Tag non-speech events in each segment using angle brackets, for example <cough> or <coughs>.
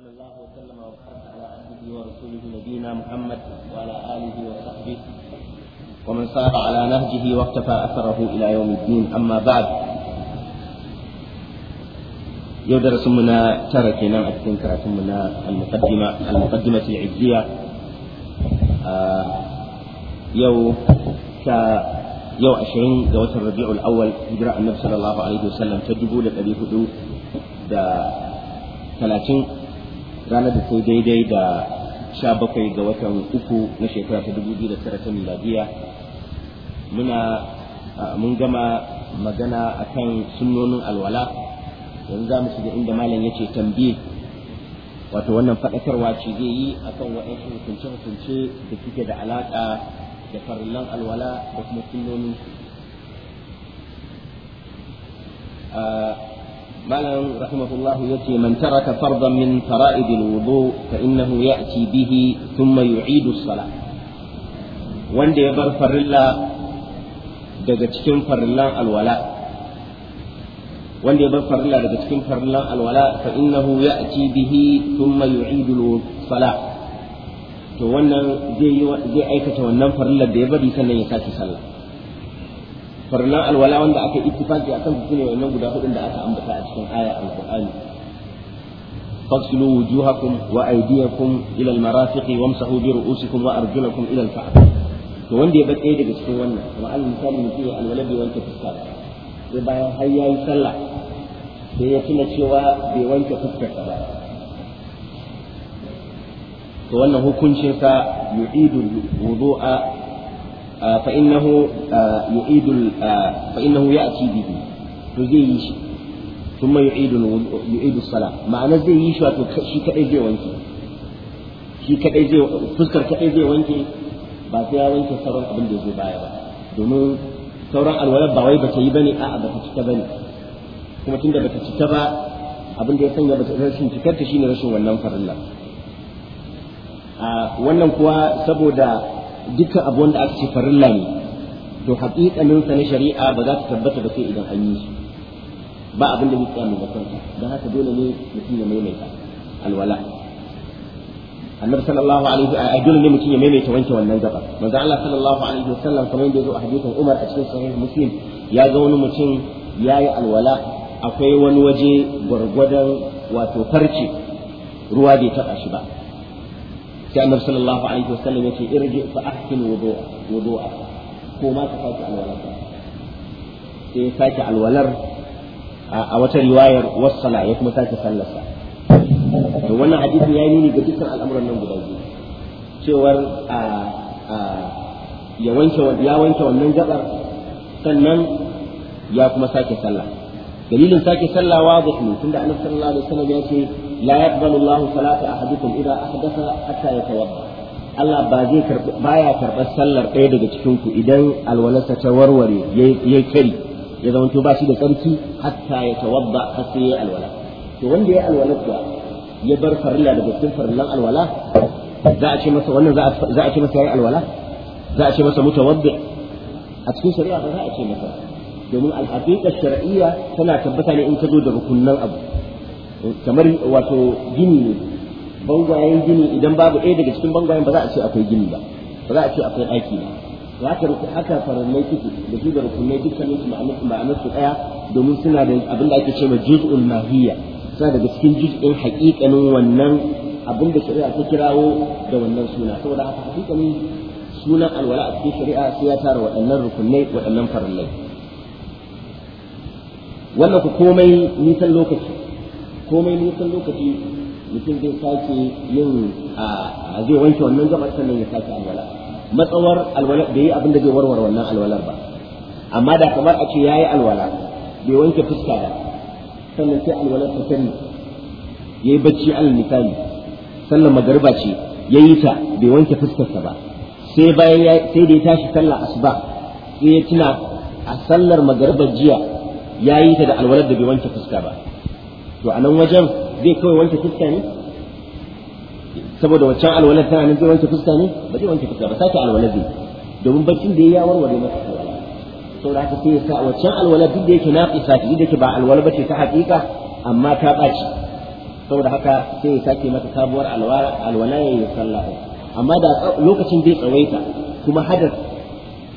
صلى الله وسلم وبارك على عبده ورسوله نبينا محمد وعلى اله وصحبه ومن سار على نهجه واقتفى اثره الى يوم الدين اما بعد يدرس منا تركنا نعم أكثر كراتم منا المقدمة المقدمة العزية يوم آه، يو ك يو عشرين الربيع الأول اجراء النبي صلى الله عليه وسلم تجبوا لك أبي هدوء da ranar da daidai da sha bakwai ga watan uku na shekara ta dubu biyu da tara ta miladiya muna mun gama magana akan sunnonin alwala yanzu za mu shiga inda malam ya ce tambi wato wannan faɗakarwa ce zai yi akan waɗansu hukunce-hukunce da suke da alaƙa da farillan alwala da kuma sunnonin قال رحمه الله يأتي من ترك فرضا من فرائض الوضوء فإنه يأتي به ثم يعيد الصلاة وان دي يبر فر الله دقا تكين فر الله الولاء وان دي يبر فر الله دقا تكين فر الله الولاء فإنه يأتي به ثم يعيد الصلاة تو دي, دي ايكا تو وانا فر الله دي يبر يسنن يساكي farnan alwala wanda aka ittifaqi akan su ne wannan guda hudun da aka ambata a cikin aya alqur'ani fasilu wujuhakum wa aydiyakum ila almarafiqi wamsahu bi ru'usikum wa arjulakum ila alka'b to wanda ya bace daga cikin wannan kuma al misali mutum ya alwala bai wanke fuska sai bayan har yayi sallah sai ya tuna cewa bai wanke fuska ba to wannan hukuncin sa yu'idul wudu'a فإنه يعيد فإنه يأتي به تزيش ثم يعيد يعيد الصلاة معنى زي يشوى شي كأي زي وانكي شي كأي زي فسكر كأي زي وانكي ba sai ya wanke sauran abin da zai baya ba domin sauran alwalar ba wai ba ta yi bane a'a ba ta cika bane kuma tunda ba ta cika ba abin da ya sanya ba ta rashin cikar ta rashin wannan farilla wannan kuwa saboda dukkan abu wanda aka ce farilla ne to haƙiƙanin sa na shari'a ba za ta tabbata ba sai idan an yi shi ba abin da zai tsaya mai zakar da haka dole ne mutum ya maimaita alwala annabi sallallahu alaihi wa dole ne mutum ya maimaita wanke wannan gaba manzo Allah sallallahu alaihi wa wasallam kamar yadda zo a hadisin Umar a cikin sahih Muslim ya ga wani mutum yayi alwala akwai wani waje gwargwadon wato farce ruwa bai taɓa shi ba sai annabi sallallahu alaihi wasallam yace irji fa ahsin wudu'a wudu'a ko ma ka sake alwalar sai ya sake alwalar a wata riwayar wassala ya kuma sake sallarsa to wannan hadisin ya yi nuni ga dukkan al'amuran nan guda biyu cewar a ya wanke ya wanke wannan gabar sannan ya kuma sake sallah dalilin sake sallah wa ne da annabi sallallahu alaihi wasallam ya ce la yaqbalu Allahu salata ahadukum idza ahdatha hatta yatawadda Allah ba zai karbi baya karɓar sallar ɗaya daga cikinku idan alwalarsa ta warware ya kari ya zama to ba shi da tsarki hatta ya tawabba, har sai yayi alwala to wanda yayi alwala kuwa ya bar farilla daga cikin farillan alwala za a ce masa wannan za a ce masa yayi alwala za a ce masa mutawaddi a cikin shari'a ba za a ce masa domin al-haqiqa shar'iyya tana tabbata ne in ka zo da rukunnan abu kamar wato gini ne bangwayen gini idan babu ɗaya daga cikin bangwayen ba za a ce akwai gini ba ba za a ce akwai ɗaki ba rufe haka farallai suke da su da rukunai dukkanin su ma'anar su ɗaya domin suna da abin da ake ma juz'ul mahiyya suna daga cikin juz'in haƙiƙanin wannan abin da shari'a ta kirawo da wannan suna saboda haka haƙiƙanin sunan alwala a cikin shari'a sai ya tara waɗannan rukunai waɗannan farallai wannan ku komai nisan lokaci komai san lokaci mutum zai sake yin a zai wanke wannan gabar sannan ya sake alwala matsawar alwala bai yi abin da zai warware wannan alwalar ba amma da kamar a ce yayi alwala bai wanke fuska ba sannan sai alwalar ta sani yayi bacci alal misali sallar magariba ce yayi ta bai wanke fuskarsa ba sai bayan sai da ya tashi sallar asuba sai ya tuna a sallar magariba jiya yayi ta da alwalar da bai wanke fuska ba to a nan wajen zai kawai wanke fuska ne saboda waccan alwalar tana nan zai wanke fuska ne ba zai wanke fuska ba sake alwala zai domin baccin da ya warware masa alwala saboda haka sai ya sa waccan alwalar duk da yake naqisa duk da yake ba alwala bace ta haƙiƙa amma ta ɓaci saboda haka sai ya sake mata sabuwar alwala ya yi sallah amma da lokacin zai tsawaita kuma hadar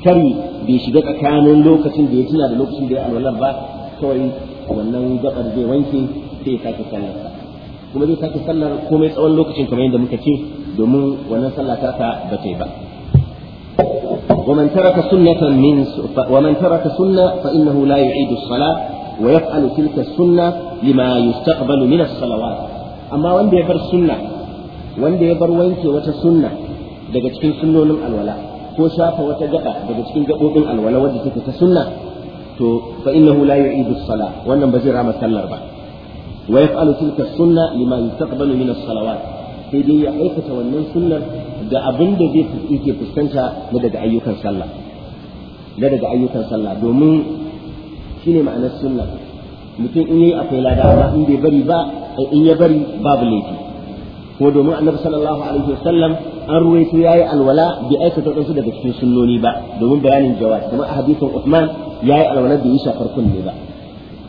kari bai shiga tsakanin lokacin da ya tuna da lokacin da ya alwalar ba kawai wannan gabar zai wanke sai ya sallar sa kuma zai sake sallar komai tsawon lokacin kamar yadda muka ce domin wannan sallah tarka ba ta yi ba ومن ترك سنة من ومن ترك سنة فإنه لا يعيد الصلاة ويفعل تلك السنة لما يستقبل من الصلوات أما وين يبر سنة وين يبر وين وتسنة daga cikin sunnonin alwala ko shafa wata gaba daga cikin gabobin alwala wadda take ta sunna to fa innahu la yu'idu sala wannan ba zai rama sallar ba wa yaf'alu tilka sunna lima yustaqbalu min as-salawat sai dai ya aikata wannan sunnar da abin da zai yake fuskanta na daga ayyukan sallah domin shine ma'anar sunna mutum in yayi akwai lada amma in bai bari ba eh, in ya bari babu laifi ko domin annabi sallallahu alaihi wasallam an ruwaito yayi alwala bai aikata wadansu daga cikin sunnoni ba domin bayanin jawaz kamar a hadisin Uthman yayi alwala da yi shafar kunne ba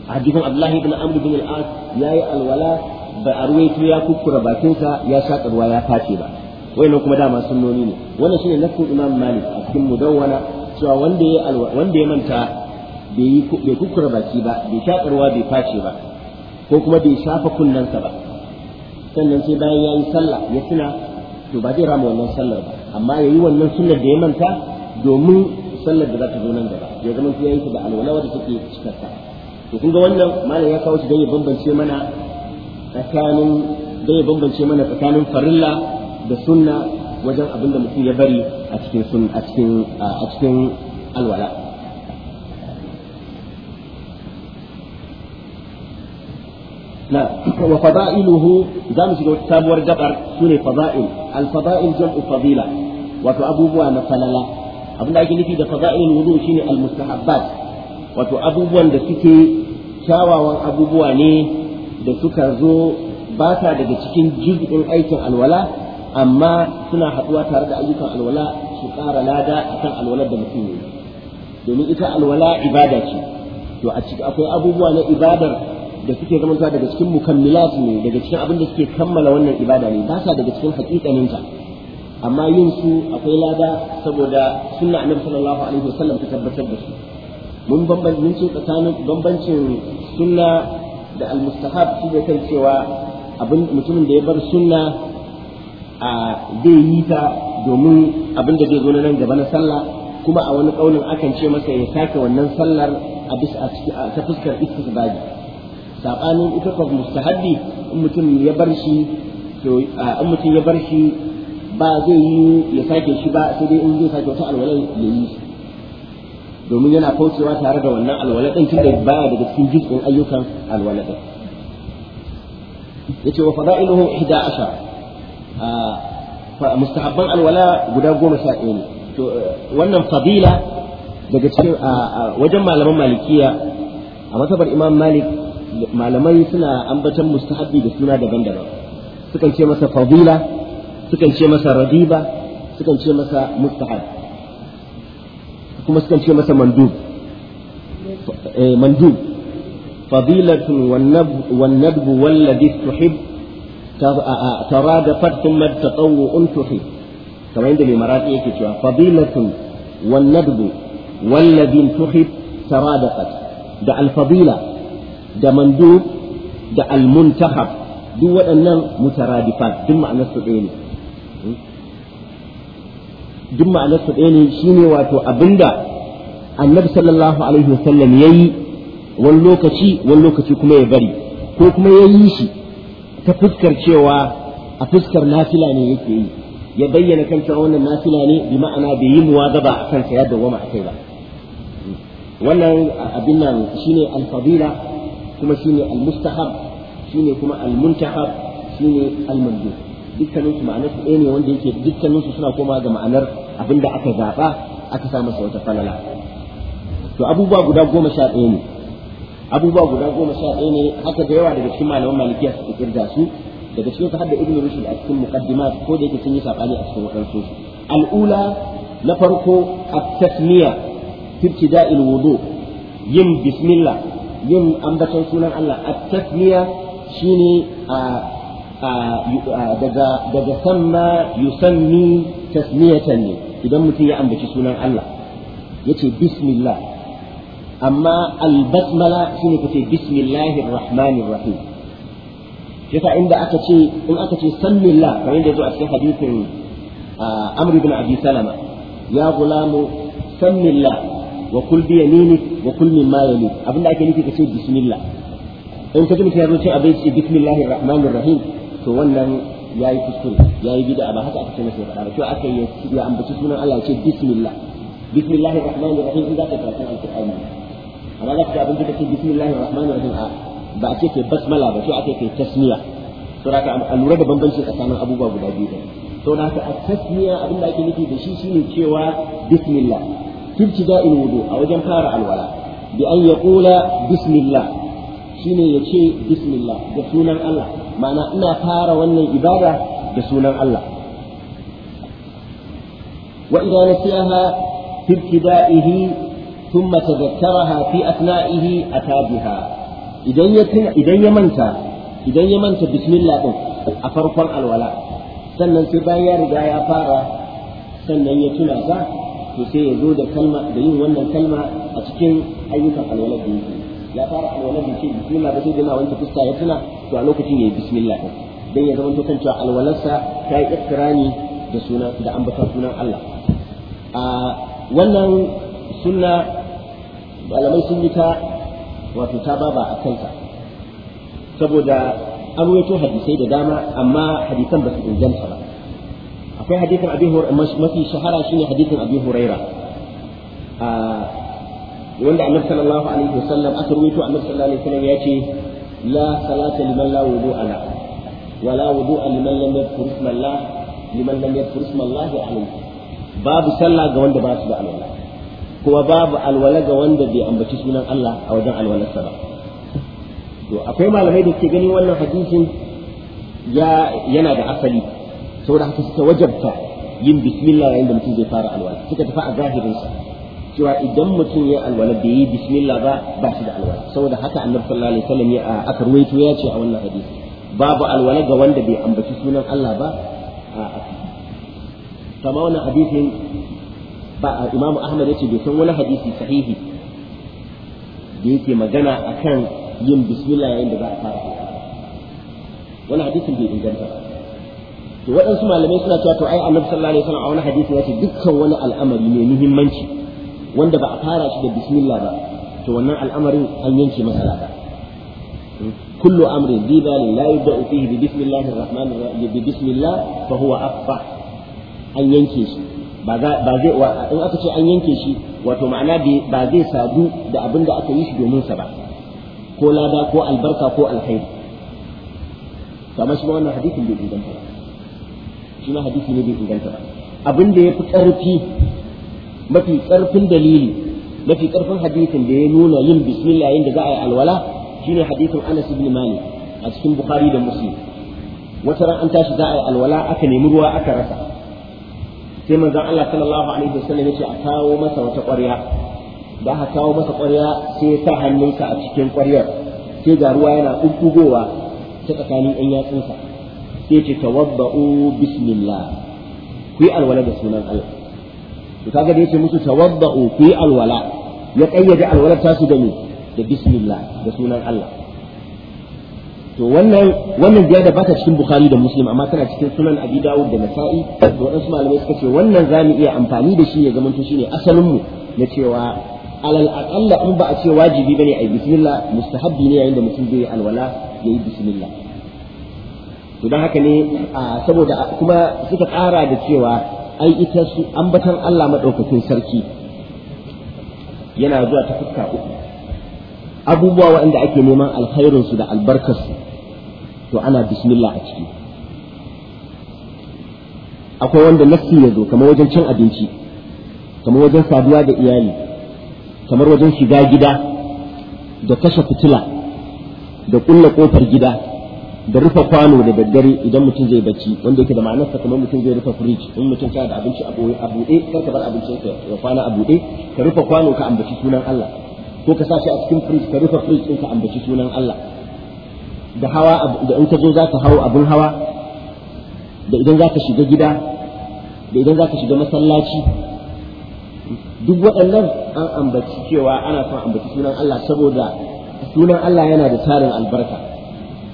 hadisin Abdullahi ibn Amr bin al-As yayi alwala ba a ya kukkura bakinsa ya shaƙa ruwa ya tace ba wayannan kuma dama sunnoni ne wannan shine nassin Imam Malik a cikin mudawwana cewa wanda ya wanda ya manta bai bai kukkura baki ba bai shaƙa ruwa bai face ba ko kuma bai shafa kunnansa ba sannan sai bayan yayi sallah ya tuna to ba zai rama wannan sallar ba amma yayi wannan sunnar da ya manta domin sallar da za ta zo nan gaba ya zama sai yayi ta da alwala wadda take cikarta to kun ga wannan malam ya kawo shi don ya bambance mana tsakanin don ya bambance mana tsakanin farilla da sunna wajen abin da mutum ya bari a cikin sun a cikin a cikin alwala na wa fada'iluhu za mu shiga wata sabuwar gabar sune fada'il al fada'il jam'u fadila wato abubuwa na falala abin da ake nufi da fada'ilul wudu shine al mustahabbat wato abubuwan da suke kyawawan abubuwa ne da suka zo ba sa daga cikin juz'in aikin alwala amma suna haɗuwa tare da ayyukan alwala su ƙara lada akan alwalar da mutum yi domin ita alwala ibada ce to a ciki akwai abubuwa na ibadar da suke zamantawa daga cikin mukammilat ne daga cikin abin da suke kammala wannan ibada ne ba sa daga cikin haƙiƙaninta amma yin su akwai lada saboda sunna annabi sallallahu alaihi wasallam ta tabbatar da su mun bambanci mun ce tsakanin bambancin sunna da almustahab shi da kan cewa abin mutumin da ya bar sunna a zai yi ta domin abin da zai zo na nan gaba na sallah kuma a wani kaunin akan ce masa ya sake wannan sallar a bisa ta fuskar istisbabi sabanin ita kwa mustahabbi in mutum ya bar shi to in mutum ya bar shi ba zai yi ya sake shi ba sai dai in zai sake wata alwala ya yi shi domin yana kaucewa tare da wannan alwala din tunda baya daga cikin jikin ayyukan alwala din yace wa fada'iluhu 11 ah, mustahabban alwala guda goma sha ɗaya ne to wannan fadila daga cikin ah, ah, wajen malaman malikiya a matsabar imam malik malamai suna ambatan mustahabbi da suna daban-daban sukan ce masa fadila sukan ce masa radiba sukan ce masa mustahab kuma sukan ce masa mandub eh, mandub fadilatun wan walladhi tuhib taradafat thumma tatawwu'un tuhib kamar yadda mai marati yake cewa fadilatun walladhi tuhib da alfadila da mandub da almuntahab duk waɗannan mutaradifat duk ma'anar su ɗaya ne duk ma'anar su ɗaya ne shine wato abinda annabi sallallahu alaihi wasallam yayi wani lokaci wani lokaci kuma ya bari ko kuma ya yi shi ta fuskar cewa a fuskar nafila ne yake yi ya bayyana kan cewa wannan nafila ne bi ma'ana bai yi muwazaba a kansa ya dawwama a kai ba wannan abin nan shine al-fadila kuma shine al-mustahab shine kuma al-muntahab shine al Dukkaninsu dukkanin su ɗaya ne wanda yake dukkanin su suna koma ga ma'anar Abin da aka zaɓa aka sa wata falala to abubuwa guda goma sha ne abubuwa guda goma sha ne haka da yawa daga cikin malaman malikiya suka kirga su daga cikin su hadda ibnu rushd a cikin muqaddima ko da yake sun yi sabani a cikin wadansu al'ula na farko at-tasmiya fi ibtida'il wudu yin bismillah yin ambaton sunan Allah at-tasmiya shine a daga daga sanna yusanni tasmiyatan ne idan mutum ya ambaci sunan Allah ya ce bismillah amma albasmala shine kace bismillahir rahmanir rahim yasa inda aka ce in aka ce sallillah kamar yadda zo a cikin hadisin amr ibn abi salama ya gulamu sallillah wa kul bi yaminik wa kul mimma yalik abinda ake nufi kace bismillah in ka ji mutum ya zo ce abin ce bismillahir rahmanir rahim to wannan Ya yi kuskure yi bid'a ba haka aka ce masa ba cewa aka yi ya ambaci sunan Allah ce bismillah bismillahir rahmanir rahim in ka karanta alqur'ani amma zaka ga abin da kake bismillahir rahmanir rahim a ba ake ce basmala ba to ake ce tasmiya to da ka lura da bambanci tsakanin abubuwa guda biyu da to da ka tasmiya abin da ake nufi da shi shine cewa bismillah fi ibtida'il wudu a wajen fara alwala bi an yaqula bismillah shine yace bismillah da sunan Allah ma'ana ina fara wannan ibada da sunan Allah wa idza nasiha fi ibtidaihi thumma tadhakkaraha fi asna'ihi atabiha idan ya idan ya manta idan ya manta bismillah din a farkon alwala sannan sai bayan ya riga ya fara sannan ya tuna ta to sai ya zo da kalma da yin wannan kalma a cikin ayyukan alwala da yake ya fara alwala bai ce bismillah ba sai dai na wanke fuska ya tuna to a lokacin yayi bismillah dan ya zama to kan cewa alwalarsa ta yi iktirani da suna da ambata sunan Allah a wannan sunna malamai sun yi ta wato ta baba a kanta saboda an rawaito hadisai da dama amma hadisan ba su inganta ba akwai hadisin abi mafi shahara shine hadisin abi huraira wanda annabi sallallahu alaihi wasallam aka rubuto annabi sallallahu alaihi wasallam ya ce la salata liman la wudu'a la wala wudu'a liman lam yadhkur isma Allah liman lam yadhkur isma Allah alaihi babu sallah ga wanda ba su da alwala kuma babu alwala ga wanda bai ambaci sunan Allah a wajen alwalarsa ba to akwai malamai da ke ganin wannan hadisin ya yana da asali saboda haka suka wajabta yin bismillah yayin da mutum zai fara alwala suka tafi a sa. cewa idan mutum ya alwala bai yi bismillah ba ba shi da alwala saboda haka annabi sallallahu alaihi wasallam ya aka ruwaito ya ce a wannan hadisi babu alwala ga wanda bai ambaci sunan Allah ba a kama wannan hadisin ba Imam Ahmad yace bai san wani hadisi sahihi da yake magana akan yin bismillah yayin da za a fara hadisin bai inganta to waɗansu malamai suna cewa to ai annabi sallallahu alaihi wasallam a wani hadisi dukkan wani al'amari mai muhimmanci wanda ba a fara shi da bismillah ba to wannan al'amarin an yanke masa lada kullu amrin bi balin la yubda'u fihi bi bismillahir rahmanir rahim bi bismillah fa huwa afsah an yanke shi ba zai in aka ce an yanke shi wato ma'ana ba zai sadu da abin da aka yi shi domin sa ba ko lada ko albarka ko alkhairi kamar shi ma wannan hadisin bai inganta ba shi ma hadisi ne bai inganta ba abin da ya fi ƙarfi mafi ƙarfin dalili mafi ƙarfin hadisin da ya nuna yin bismillah yayin da za a yi alwala shine hadisin Anas ibn Malik a cikin Bukhari da Muslim wata ran an tashi za a yi alwala aka nemi ruwa aka rasa sai manzon Allah sallallahu alaihi wasallam yace a kawo masa wata ƙwarya da aka kawo masa ƙwarya sai ya sa hannunsa a cikin ƙwaryar sai ga ruwa yana ƙuƙugowa ta tsakanin ɗan yatsunsa sai ce tawabba'u bismillah ku yi alwala da sunan Allah to kaga da yace musu tawadda'u fi alwala ya kayyade alwalar tasu da ni da bismillah da sunan Allah to wannan wannan ziyada ba ta cikin bukhari da muslim amma tana cikin sunan abi dawud da nasa'i da waɗansu malamai suka ce wannan zamu iya amfani da shi ya zamanto shine asalin mu na cewa alal aqalla in ba a ce wajibi bane ai bismillah mustahabbi ne yayin da mutum zai yi alwala yayi bismillah to don haka ne saboda kuma suka ƙara da cewa ai ita su ambatan Allah madaukakin sarki yana zuwa ta fuska uku abubuwa waɗanda ake neman alkhairinsu da albarkarsu to ana bismillah a ciki akwai wanda nassi ya zo kamar wajen cin abinci kamar wajen saduwa da iyali kamar wajen shiga gida da kashe fitila da ƙulla kofar gida da rufe kwano da daddare idan mutum zai bacci wanda yake da ma'anar sa kamar mutum zai rufe fridge in mutum kana da abinci a buɗe kar ka bar abincin ka ya kwana a buɗe ka rufe kwano ka ambaci sunan Allah ko ka sa shi a cikin fridge ka rufe fridge ɗin ka ambaci sunan Allah da hawa da in ka zo za ka hawo abin hawa da idan za ka shiga gida da idan za ka shiga masallaci duk waɗannan an ambaci cewa ana son ambaci sunan Allah saboda sunan Allah yana da tarin albarka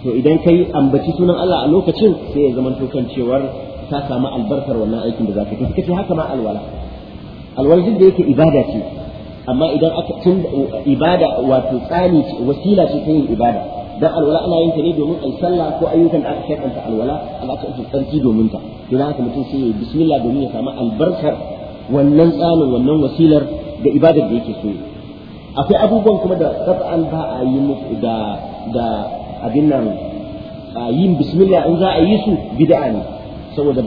to idan kai ambaci sunan Allah a lokacin sai ya zamanto kan cewar ka samu albarkar wannan aikin da zaka yi suka haka ma alwala alwala duk da yake ibada ce amma idan aka tun ibada wato tsani ce wasila ce ta yin ibada dan alwala ana yin ta ne domin ai sallah ko ayyukan da aka shakanta alwala ana ta yi tsarki domin ta to dan mutum sai ya bismillah domin ya samu albarkar wannan tsanin wannan wasilar da ibadar da yake so akwai abubuwan kuma da qat'an ba a yi da da abin nan yin bismillah in za a yi su bid'a ne saboda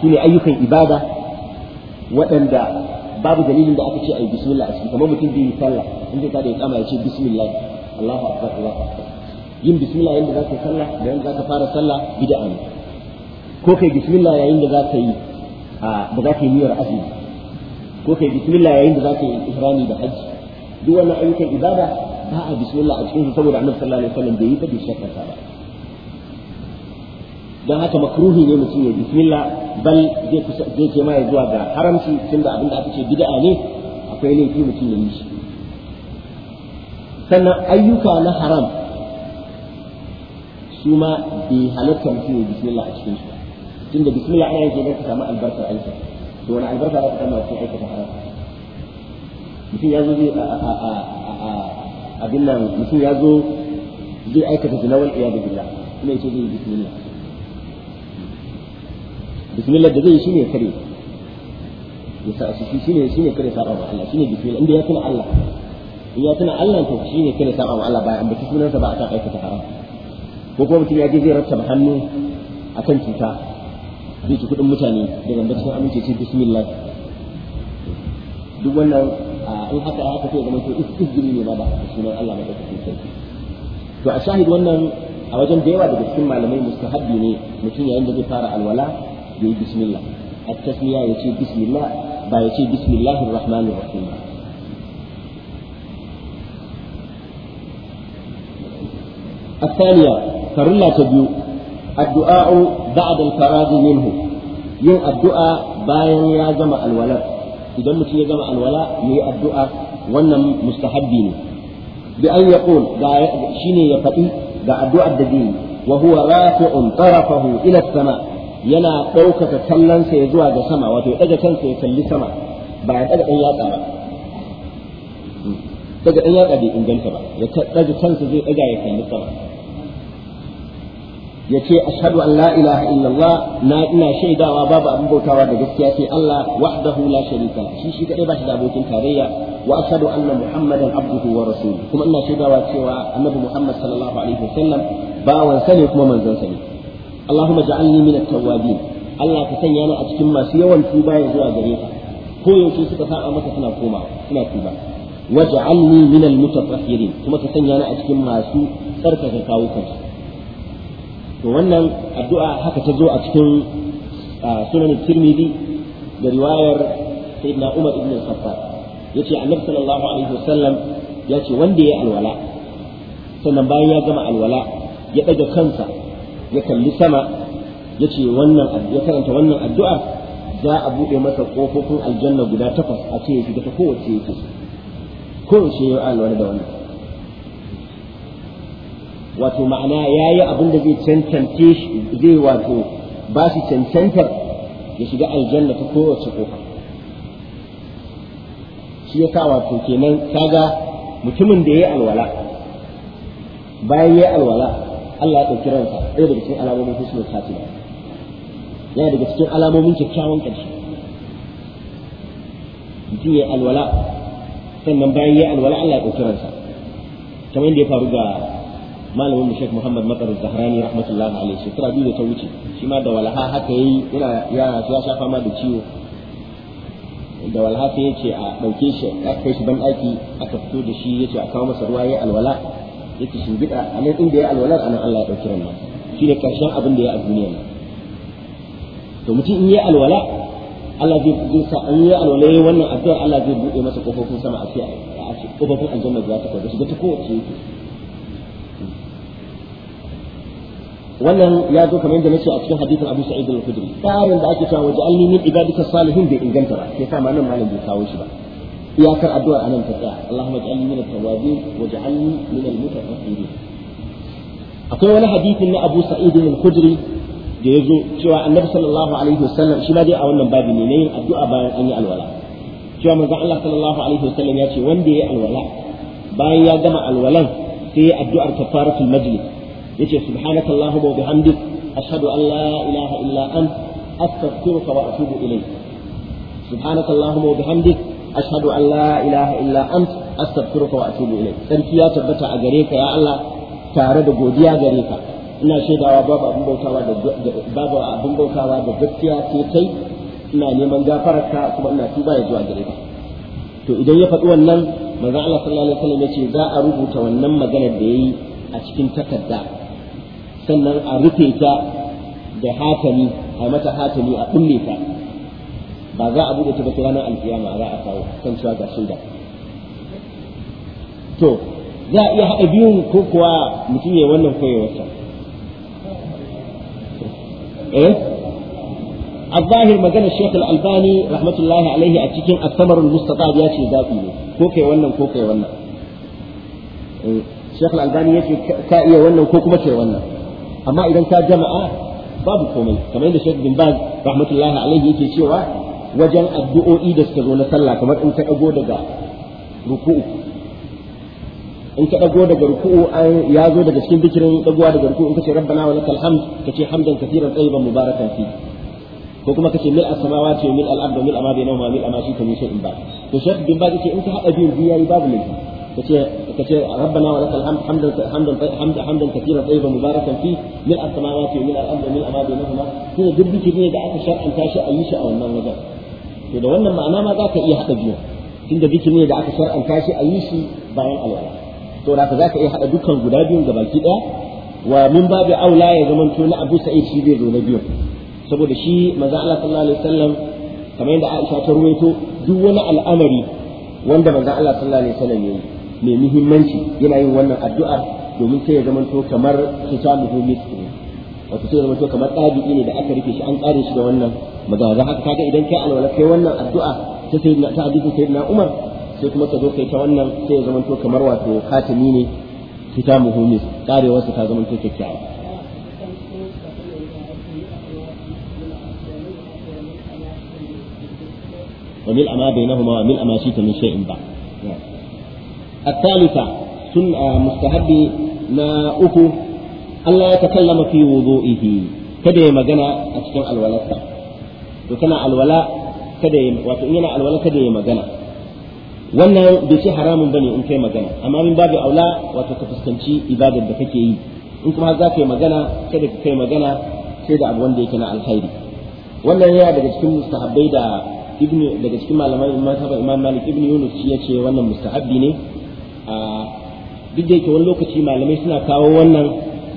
su ne ayyukan ibada waɗanda babu dalilin da aka ce a yi bismillah a cikin kamar mutum bai sallah in zai kada ya kama ya ce bismillah Allahu akbar Allahu akbar yin bismillah yayin da za ka yi sallah da yayin da za ka fara sallah bid'a ne ko kai bismillah yayin da za ka yi da za ka yi niyyar azumi ko kai bismillah yayin da za ka yi ihrami da hajji duk wannan ayyukan ibada a'a bismillah a cikin saboda annabi sallallahu alaihi wasallam bai yi ta bi shakkarsa ba dan haka makruhi ne mutum ya bismillah bal zai kusa zai ce mai zuwa ga haramci tunda abin da aka ce bid'a ne akwai laifi mutum ya yi shi sannan ayyuka na haram su ma bai halatta mutum ya bismillah a cikin su tunda bismillah ana yin sai ka samu albarkar aiki to wani albarka za ka samu a cikin aikata haram mutum ya zo zai a abin nan mutum ya zo zai aikata zina wal iyadu gida. Ina yace zai bismillah bismillah da zai shine kare ya sa shi shine shine kare saba wa Allah shine bismillah inda ya tuna Allah in ya tuna Allah to shine kare saba wa Allah bayan baki sunan sa ba akan aikata haram ko kuma mutum ya je zai rattaba hannu akan cuta zai ci kudin mutane daga cikin amince ce bismillah duk wannan in haka ya kace zama to izgiri ne ma da sunan Allah mai kake sarki to a shahid wannan a wajen da yawa daga cikin malamai mustahabbi ne mutum yayin da zai fara alwala yayi bismillah at-tasmiya yace bismillah ba yace bismillahir rahmanir rahim ba الثانية فرلا تبيو الدعاء بعد الفراغ منه يو الدعاء باين يا جمع الولد idan mutum ya gama alwala yi addu'a wannan mustahabbi ne bi an yaqul shine ya faɗi ga addu'ar da zai wa huwa rafi'un tarafahu ila sama yana ɗaukaka kallonsa ya zuwa ga sama wato ya ɗaga kansa ya kalli sama ba ya ɗaga ɗan yatsa ba hmm. ɗaga ɗan yatsa bai inganta ba ya ɗaga kansa zai ɗaga ya kalli sama ya ce ashhadu an la ilaha illallah na ina shaidawa babu abin bautawa da gaskiya sai Allah wahdahu la sharika la shi shi kadai ba shi da abokin tarayya wa ashadu anna muhammadan abduhu wa rasuluhu kuma ina shaidawa cewa annabi muhammad sallallahu alaihi wasallam bawan sa ne kuma manzon sa ne allahumma ja'alni min at-tawwabin Allah ka sanya ni a cikin masu yawan tuba ya zuwa gare ka ko yaushe suka saba maka suna komawa suna tuba waj'alni min al-mutatahhirin kuma ka sanya ni a cikin masu tsarkaka kawo kansu to wannan addu'a haka ta zo a cikin sunan tirmidhi da riwayar sayyidina umar ibn al-khattab yace annabi sallallahu alaihi wasallam yace wanda ya alwala sannan bayan ya gama alwala ya daga kansa ya kalli sama yace wannan ya karanta wannan addu'a za a bude masa kofofin aljanna guda takwas a ce ya shiga kowace yake shi ya alwala da wannan wato ma'ana ya yi abin da zai cancance shi zai wato ba shi cancantar ya shiga aljanna ta kowace kofa shi ya sa wato kenan kaga mutumin da ya yi alwala bayan ya yi alwala Allah ya ɗauki ransa ɗaya daga cikin alamomin husnul khatima yana daga cikin alamomin kyakkyawan ƙarshe mutum ya yi alwala sannan bayan ya yi alwala Allah ya ɗauki ransa kamar yadda ya faru ga malamin mu Sheikh Muhammad Matar Zahrani rahmatullahi alaihi shekara biyu da ta wuce shi ma da walaha haka yayi yana ya ya sha fama da ciwo da walaha sai yace a dauke shi a kai shi ban daki aka fito da shi yace a kawo masa ruwa yayi alwala yace shi bida a nan inda yayi alwala anan Allah ya dauki ran shi ne karshen abin da ya a duniya to mutum in yayi alwala Allah zai zai sa an yi alwala yayi wannan addu'a Allah zai buɗe masa kofofin sama a sai a kofofin aljanna za ta kawo shi ta kowace yake wannan ya zo kamar yadda nace a cikin hadisin Abu Sa'id al-Khudri tsarin da ake cewa waje alni min ibadika salihin bai inganta ba sai kama nan malam bai kawo shi ba iyakar addu'a anan ta tsaya Allahumma ij'alni min at-tawwabin waj'alni min al-mutatahhirin akwai wani hadisin na Abu Sa'id al-Khudri da ya zo cewa Annabi sallallahu alaihi wasallam shi ma dai a wannan babi ne yin addu'a bayan an yi alwala cewa manzon Allah sallallahu alaihi wasallam ya ce wanda ya yi alwala bayan ya gama alwalan sai ya addu'ar kafaratul majlis yace subhanaka allahumma wa bihamdik ashhadu an la ilaha illa ant astaghfiruka wa atubu ilayk subhanaka allahumma wa bihamdik ashhadu an la ilaha illa ant astaghfiruka wa atubu ilayk sarki ya tabbata a gare ka ya Allah tare da godiya gare ka ina shaidawa babu abin bautawa da babu abin bautawa da gaskiya sai kai ina neman gafararka kuma ina tuba ya zuwa gare ka to idan ya faɗi wannan manzon Allah sallallahu alaihi wasallam yace za a rubuta wannan maganar da yayi a cikin takarda sannan a rufe ta da hatami a mata hatami a kulle ta ba za a buɗe ta ba ranar alkiyama za a kawo kan cewa ga shaida to za a iya haɗa biyun ko kuwa mutum ya wannan koyewarsa eh الظاهر Mustapha ya ce zaɓi ne, ko kai wannan ko kai wannan. كوكي ونن كوكي ونن ka iya wannan ko kuma kai wannan. amma idan ka jama'a babu komai kamar yadda Sheikh bin Baz rahmatullahi alaihi yake cewa wajen addu'o'i da suka zo na sallah kamar in ka dago daga ruku'u in ka dago daga ruku'u an ya zo daga cikin bikirin dagowa daga ruku'u in ka ce rabbana wa lakal hamd ka ce hamdan katiran tayyiban mubarakan fi ko kuma ka ce mil as-samawati wa mil al-ardi wa mil ma bainahuma mil ma shi'ta min shay'in ba to Sheikh bin Baz yace in ka hada biyu yayi babu laifi ka ce rabbana wa lakal hamd hamdan hamdan hamdan hamdan katira tayyiban mubarakan fi mil as-samawati wa mil al-ardi mil ma bainahuma to da duk ne da aka shar'anta shi a yi shi a wannan wajen to da wannan ma'ana ma zaka ka iya hada biyu da zikiri ne da aka shar'anta shi a yi shi bayan alwala to da za ka iya hada dukkan guda biyun gabaki daya wa min babu aula ya zamanto na abu sa'id shi zai zo na biyu saboda shi manzo Allah sallallahu alaihi wasallam kamar yadda Aisha ta ruwaito duk wani al'amari wanda manzo Allah sallallahu alaihi wasallam yayi mai muhimmanci yana yin wannan addu'a domin sai ya to kamar su kitabuhu miski wato sai ya to kamar ɗabi'i ne da aka rufe shi an ƙare shi da wannan magaza haka kaga idan kai alwala kai wannan addu'a ta sayyidina ta hadisin sayyidina Umar sai kuma ka zo kai ta wannan sai ya to kamar wato katimi ne kitabuhu mis ƙarewar ta zamanto kyakkyawa وملء ما بينهما وملء ما شئت من شيء بعد. الثالثة سنة مستحب ما أكو ألا يتكلم في وضوئه kada ya magana a cikin alwalarsa to kana alwala kada ya wato in yana alwala kada ya magana wannan bai ce haramun bane in kai magana amma min babu aula wato ka fuskanci ibadar da kake yi in kuma za ka yi magana kada ka kai magana sai da abu wanda yake na alkhairi wannan yana daga cikin mustahabbai da daga cikin imam malik ibnu yunus shi ce wannan mustahabbi ne duk da yake wani lokaci malamai suna kawo wannan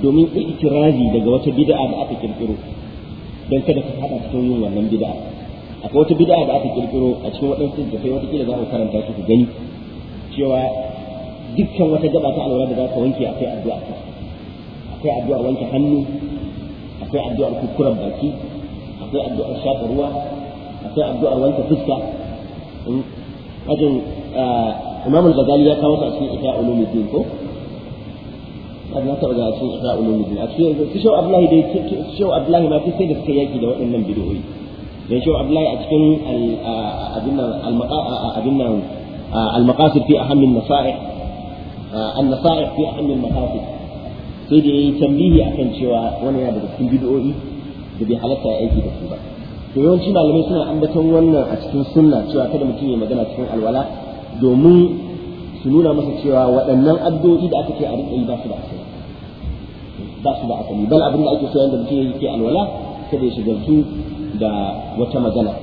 domin ikirazi daga wata bid'a da aka kirkiro don kada ka fada cikin yin wannan bid'a akwai wata bid'a da aka kirkiro a cikin waɗansu da kai wata za ku karanta su ku gani cewa dukkan wata gaba ta alwala da za ka wanke akwai addu'a ta akwai addu'a wanke hannu akwai addu'ar kukuran baki akwai addu'a shaƙa ruwa akwai addu'a wanke fuska ajin eh, imam al-ghazali ya kawo ta a cikin ihya ulumuddin ko kan na taɓa a cikin ihya ulumuddin a cikin su shau abdullahi dai shau abdullahi ma sai da suka yaki da waɗannan bid'o'i dan shau abdullahi a cikin abin nan abin nan al-maqasid fi ahammi an-nasa'i an-nasa'i fi ahammi al-maqasid sai da yayi tambihi akan cewa wani yana daga cikin bid'o'i da bai halatta ya aiki da su ba to yawanci malamai suna ambaton wannan a cikin sunna cewa kada mutum ya magana cikin alwala domin su nuna masa cewa waɗannan addu'o'i da aka ke a rikin ba su da asali ba su da asali bal abin da ake so yanda mutum yake alwala kada ya shigartu da wata magana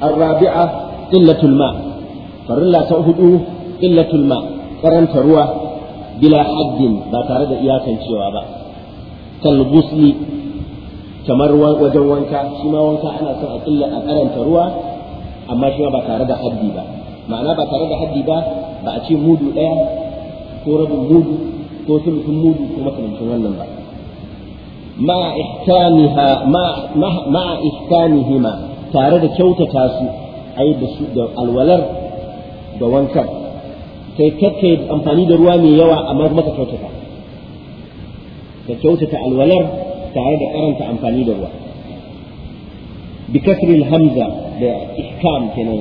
الرابعة قلة الماء فرلا تهدو قلة الماء قرنت روى بلا حد لا ترد ba. شوابا كالغسل kamar wajen wanka shi ma wanka ana son a ƙilla a karanta ruwa amma shi ba tare da haddi ba ma'ana ba tare da haddi ba ba a ce mudu ɗaya ko rabin mudu ko sulutun mudu ko makamancin wannan ba ma a ma ma ihsanihima tare da kyautata su ai da su da alwalar da wankan sai kake amfani da ruwa mai yawa amma kuma ka kyautata ka kyautata alwalar tare da karanta amfani da ruwa bi kasril hamza da ihkam kenan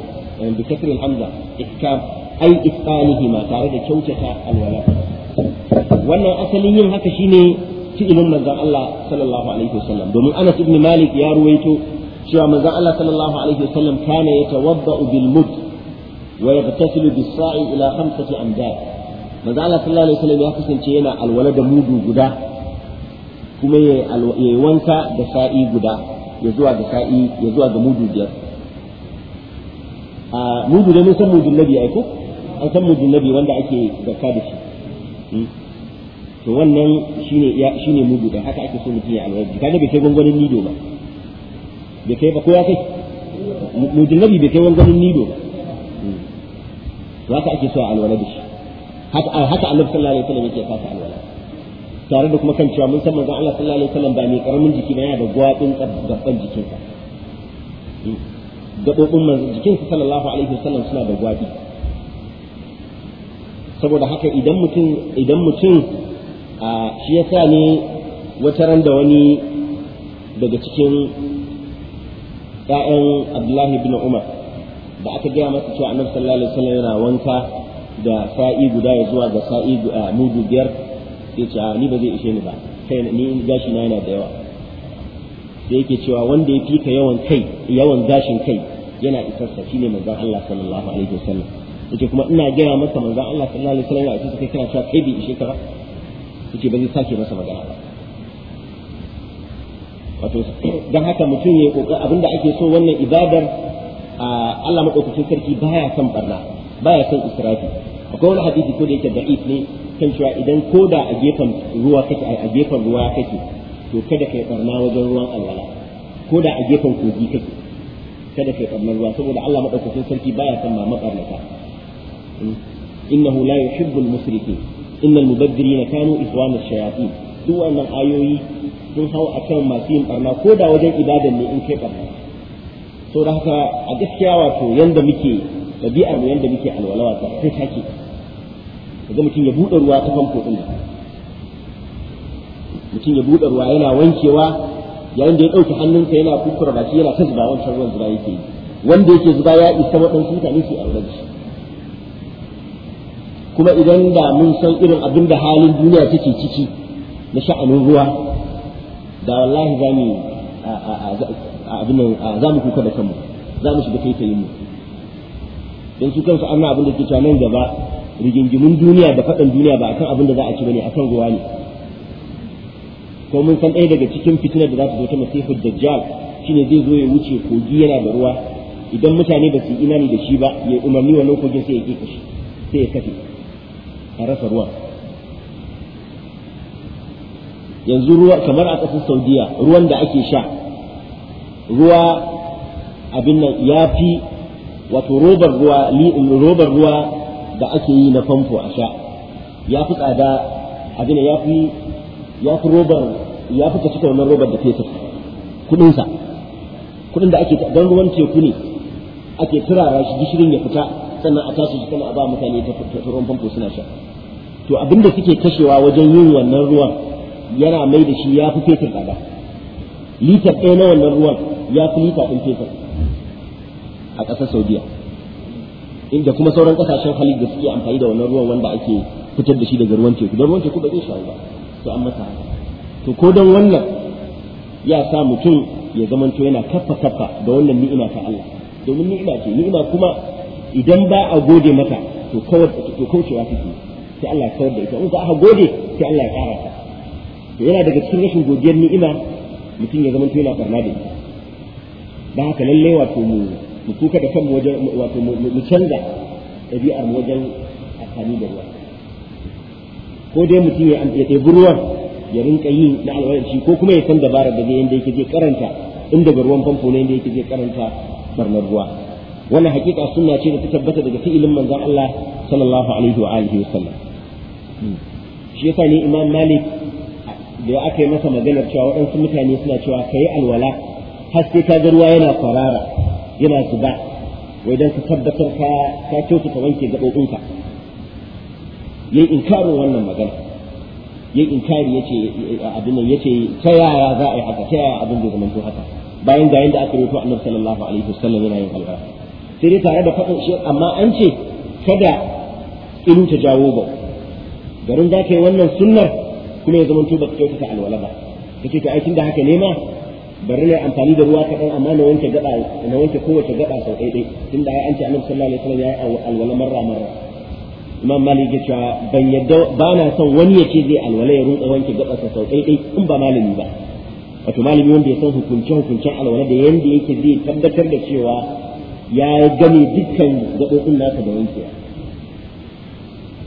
bi hamza ihkam ai isqalihima tare da kyautata alwala wannan asalin yin haka shine fi'ilin manzon Allah sallallahu alaihi wasallam domin Anas ibn Malik ya ruwaito cewa manzon Allah sallallahu alaihi wasallam kana yatawadda'u bil mud wa yaghtasilu bis sa'i ila khamsati amdad manzon Allah sallallahu alaihi wasallam ya kasance yana alwala da mudu guda kuma ya wanka da sa'i guda ya zuwa sa'i ya zuwa ga mudu biyar a mudu da mun san mudun nabi ai an san mudun nabi wanda ake zakka da shi hmm. to wannan shine ne shine mudu da haka ake so mutum ya alwaji kaga bai kai gwangwanin nido ba bai kai ba ko ya kai mudun nabi bai kai gwangwanin nido ba hmm. to haka ake so a alwala da shi haka haka annabi sallallahu alaihi wasallam yake fasa alwala tare da kuma kan cewa mun san manzon Allah sallallahu alaihi wasallam ba mai karamin jiki ba yana da gwaɓin gaban jikinsa hmm. gaɓoɓin manzo jikinsa sallallahu alaihi wasallam suna da gwabi saboda haka idan mutum idan mutum shi yasa ne wata ran da wani daga cikin ‘ya'yan Abdullahi bin Umar da aka gaya masa cewa annabi sallallahu alaihi wasallam yana wanka da sa'i guda ya zuwa ga sa'i mudu biyar sai ce ni ba zai ishe ni ba kai ni gashi na yana da yawa da yake cewa wanda ya fika yawan kai yawan gashin kai yana isarsa shine manzon Allah sallallahu alaihi wasallam yace kuma ina gaya masa manzon Allah sallallahu alaihi wasallam yace kai kana cewa kai bi ishe ka ba yace sake masa magana ba wato <clears throat> dan haka mutum ya kokari abinda ake so wannan ibadar Allah madaukakin sarki baya son barna baya son israfi akwai wani hadisi ko da yake da'if ne kan cewa idan koda a gefen ruwa kake a gefen ruwa kake to kada kai barna wajen ruwan alwala ko da a gefen kogi kake kada kai barna ruwa saboda Allah madaukakin sarki baya san ma mabarnata hmm? innahu la yuhibbul musrifin innal mubaddirina kanu ikhwana shayatin duk wannan ayoyi sun hau akan masu yin barna ko da wajen ibadan ne in kai barna to da haka a gaskiya wato yanda muke dabi'ar mu yanda muke alwala wata sai take kaga mutum ya bude ruwa ta famfo din nan mutum ya buɗe ruwa yana wankewa yayin da ya ɗauki hannunsa yana kukkura baki yana ta zuba wancan ruwan zuba yake yi wanda yake zuba ya isa waɗansu mutane su aure shi kuma idan da mun san irin abin da halin duniya take ciki na sha'anin ruwa da wallahi za mu za mu kuka da kanmu za mu shiga kai mu don su kansu an abin da ke nan gaba rigingimin duniya da faɗin duniya ba akan abin da za a ci bane akan ruwa ne ko mun san ɗaya daga cikin fitinar da za ta zo ta da dajjal shine zai zo ya wuce kogi yana da ruwa idan mutane ba su yi imani da shi ba ya umarni wannan kogin sai ya ke kashi sai ya kafe a rasa ruwa yanzu ruwa kamar a ƙasar saudiya ruwan da ake sha ruwa abin nan ya fi wato robar ruwa robar ruwa da ake yi na famfo a sha ya fi tsada abin ya fi ya fi robar ya fi cika wannan robar da fetur kudin sa kudin da ake don ruwan teku ne ake turara shi gishirin ya fita sannan a tashi shi a ba mutane ta turon famfo suna sha to abin da suke kashewa wajen yin wannan ruwan yana mai da shi ya fi fetur tsada litar ɗaya na wannan ruwan ya fi lita ɗin fetur a ƙasar saudiya inda kuma sauran ƙasashen hali da suke amfani da wannan ruwan wanda ake fitar da shi daga ruwan teku don ruwan teku ba zai shawo ba to an masa haka to ko don wannan ya sa mutum ya zamanto yana kafa kafa da wannan ni'ima ta Allah domin ni'ima ce ni'ima kuma idan ba a gode mata to kawar to kaucewa take sai Allah ya kawar da ita in za a gode sai Allah ya kara ta to yana daga cikin rashin godiyar ni'ima mutum ya zamanto yana barna da ita da haka lalle wato mu mu kuka da kanmu wajen wato mu canza ɗabi'ar mu wajen amfani da ruwa ko dai mutum ya ɗebi ruwan ya rinka yi na alwalar ko kuma ya san dabarar da zai yanda yake zai karanta in daga ruwan famfo ne yanda yake zai karanta barnar ruwa wannan hakika sunna ce da ta tabbata daga fi'ilin manzon Allah sallallahu alaihi wa alihi wasallam hmm. shi yasa ne Imam Malik da aka yi masa maganar cewa waɗansu mutane suna cewa kayi alwala Haske ta ka ga ruwa yana kwarara yana zuba wai dan ka tabbatar ka ka kyautata wanke ka. yayi inkarin wannan magana yayi inkari yace abin nan yace ta yaya za a yi haka ta yaya abin zai zamanto haka bayan ga yanda aka rubuta annabi sallallahu alaihi wasallam yana yin alwala sai dai tare da fadin shi amma an ce kada ilu ta jawo ba garin za ka yi wannan sunnar kuma ya zamanto ba ka kyautata alwala ba kake to aikin da haka ne ma bari ne amfani da ruwa kaɗan amma na wanke gaba na wanke kowace gaba sau ɗaya ɗaya tunda ya an ce annabi sallallahu alaihi wasallam ya yi alwala marra marra imam malik cewa ban yadda ba na son wani ya ce zai alwala ya rutsa wanke sa sau ɗai-ɗai, in ba malami ba wato malami wanda ya san hukunce hukuncen alwala da yanda yake zai tabbatar da cewa ya gane dukkan gaɓoɓin nasa da wanke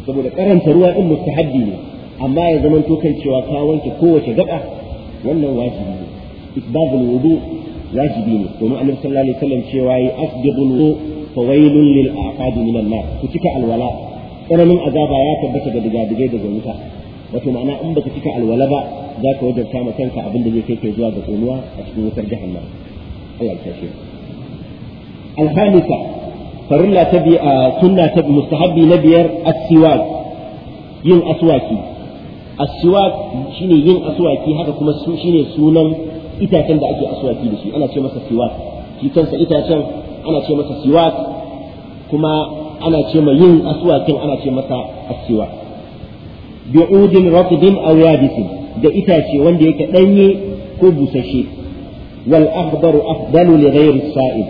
saboda karanta ruwa ɗin mustahabbi ne amma ya zama tokan cewa ka wanke kowace gaba wannan wajibi ne isbabul wudu wajibi ne domin annabi sallallahu alaihi wasallam cewa yi asbighul wudu fawailun lil aqad min nar ku cika alwala tsananin azaba ya tabbata ga digadigai da wuta wato ma'ana in baka cika alwala ba za ka wajen ma kanka abin da zai kai zuwa ga tsonuwa a cikin wutar jahannam Allah ya tashi alhamisa farilla ta bi sunna ta mustahabbi na biyar as yin aswaki as shine yin aswaki haka kuma shine sunan itacen da ake aswaki da shi ana ce masa siwak shi kansa itacen ana ce masa siwak kuma ana ce ma yin aswakin ana ce masa asiwa bi'udin ratbin aw yabisin da itace wanda yake danye ko busashe wal akhdaru afdalu li ghayri sa'il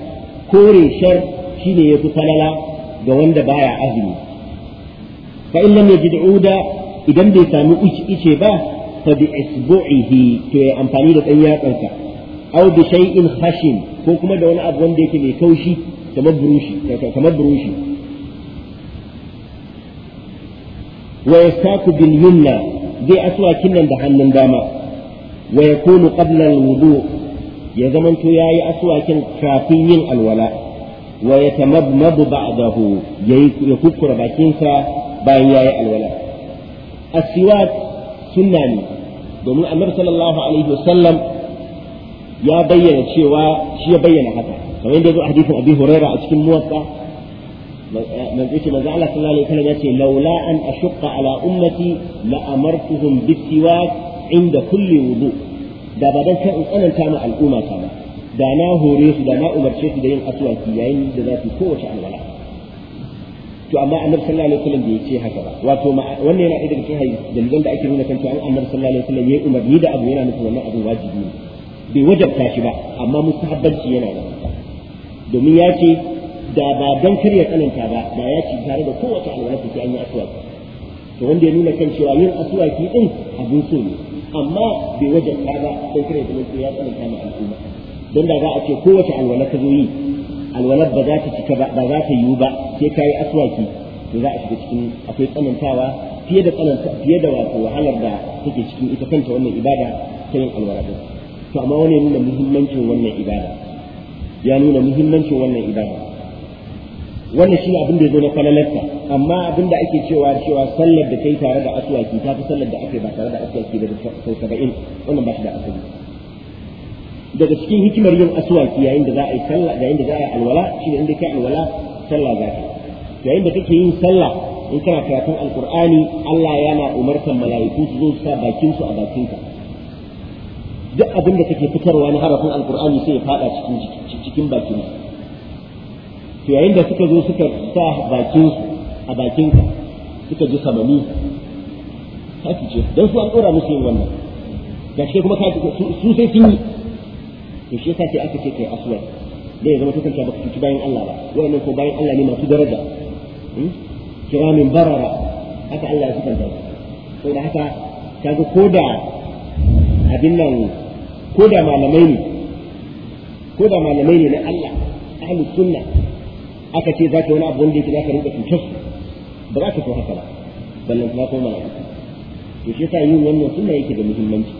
kore shar shine yafi falala ga wanda baya azumi fa in lam yajid uda idan bai samu ice ba fa bi isbu'ihi to ya amfani da dan yatsansa aw bi shay'in khashin ko kuma da wani abu wanda yake mai kaushi kamar burushi kamar burushi Waya yastaku bil yumna zai aswakin nan da hannun dama wa yakunu qabla al wudu ya zamanto yayi aswakin kafin yin alwala wa yatamabmadu ba'dahu yayi ya kukkura bakinsa bayan yayi alwala asiwak sunna ne domin annabi sallallahu alaihi wasallam ya bayyana cewa shi ya bayyana haka kamar yadda ya zo a hadisin abi huraira a cikin muwatta من ذكر ما Allah صلى الله عليه وسلم laula an أن ala على أمتي لأمرتهم بالسواك عند كل وضوء da ba dan sai in tsananta ma al'umma ta ba da na hore su da na umarce su da yin asuwaki yayin da za su kowace alwala to amma annabi sallallahu alaihi wasallam bai ce haka ba wato wannan yana daga cikin dalilan da ake nuna kan cewa annabi sallallahu alaihi wasallam yayi umarni da abu yana nufin wannan abu wajibi ne bai wajabta shi ba amma mustahabbanci yana da domin ya ce da ba don karya tsananta ba da ya ci tare da kowace alwaki ta an yi aswaki to wanda ya nuna kan cewa yin aswaki din abin so ne amma bai wajen ba don karya tsananta ya tsananta ma al'umma don da za a ce kowace alwala ka zo yi alwalar ba za ta cika ba ba za ta yiwu ba sai ka yi aswaki to za a shiga cikin akwai tsanantawa fiye da tsananta fiye da wato wahalar da take cikin ita kanta wannan ibada ta yin alwala din to amma wani nuna muhimmancin wannan ibada ya nuna muhimmancin wannan ibada wannan shi abin da ya zo na falalarta amma abin da ake cewa cewa sallar da kai tare da asuwaki ta fi sallar da ake ba tare da asuwaki da sau saba'in wannan ba shi da asali daga cikin hikimar yin asuwaki yayin da za a yi sallah yayin da za a yi alwala shi ne inda kai alwala sallah za ka yayin da kake yin sallah in kana karatun alqur'ani Allah yana umartar mala'iku su zo su sa bakin a bakinka duk abin da kake fitarwa na harafin alqur'ani sai ya fada cikin cikin bakin to yayin da suka zo suka sa bakin su a bakin ka suka ji samani kafi ce dan su an dora musu yin wannan da shi kuma kafi su sai sun yi to shi yasa sai aka ce kai aswad dai zama kakan ba ku bayan Allah ba wa'annan ko bayan Allah ne masu daraja hmm? kiramin barara haka Allah ya ta, su da haka kaga koda abin nan koda malamai ne koda malamai ne na Allah ahlus sunna aka ce za ka wani abu wanda yake za ka rinka cutar ba za ka so haka ba sannan kuma kuma mala'iku to shi yasa yin wannan sunna yake da muhimmanci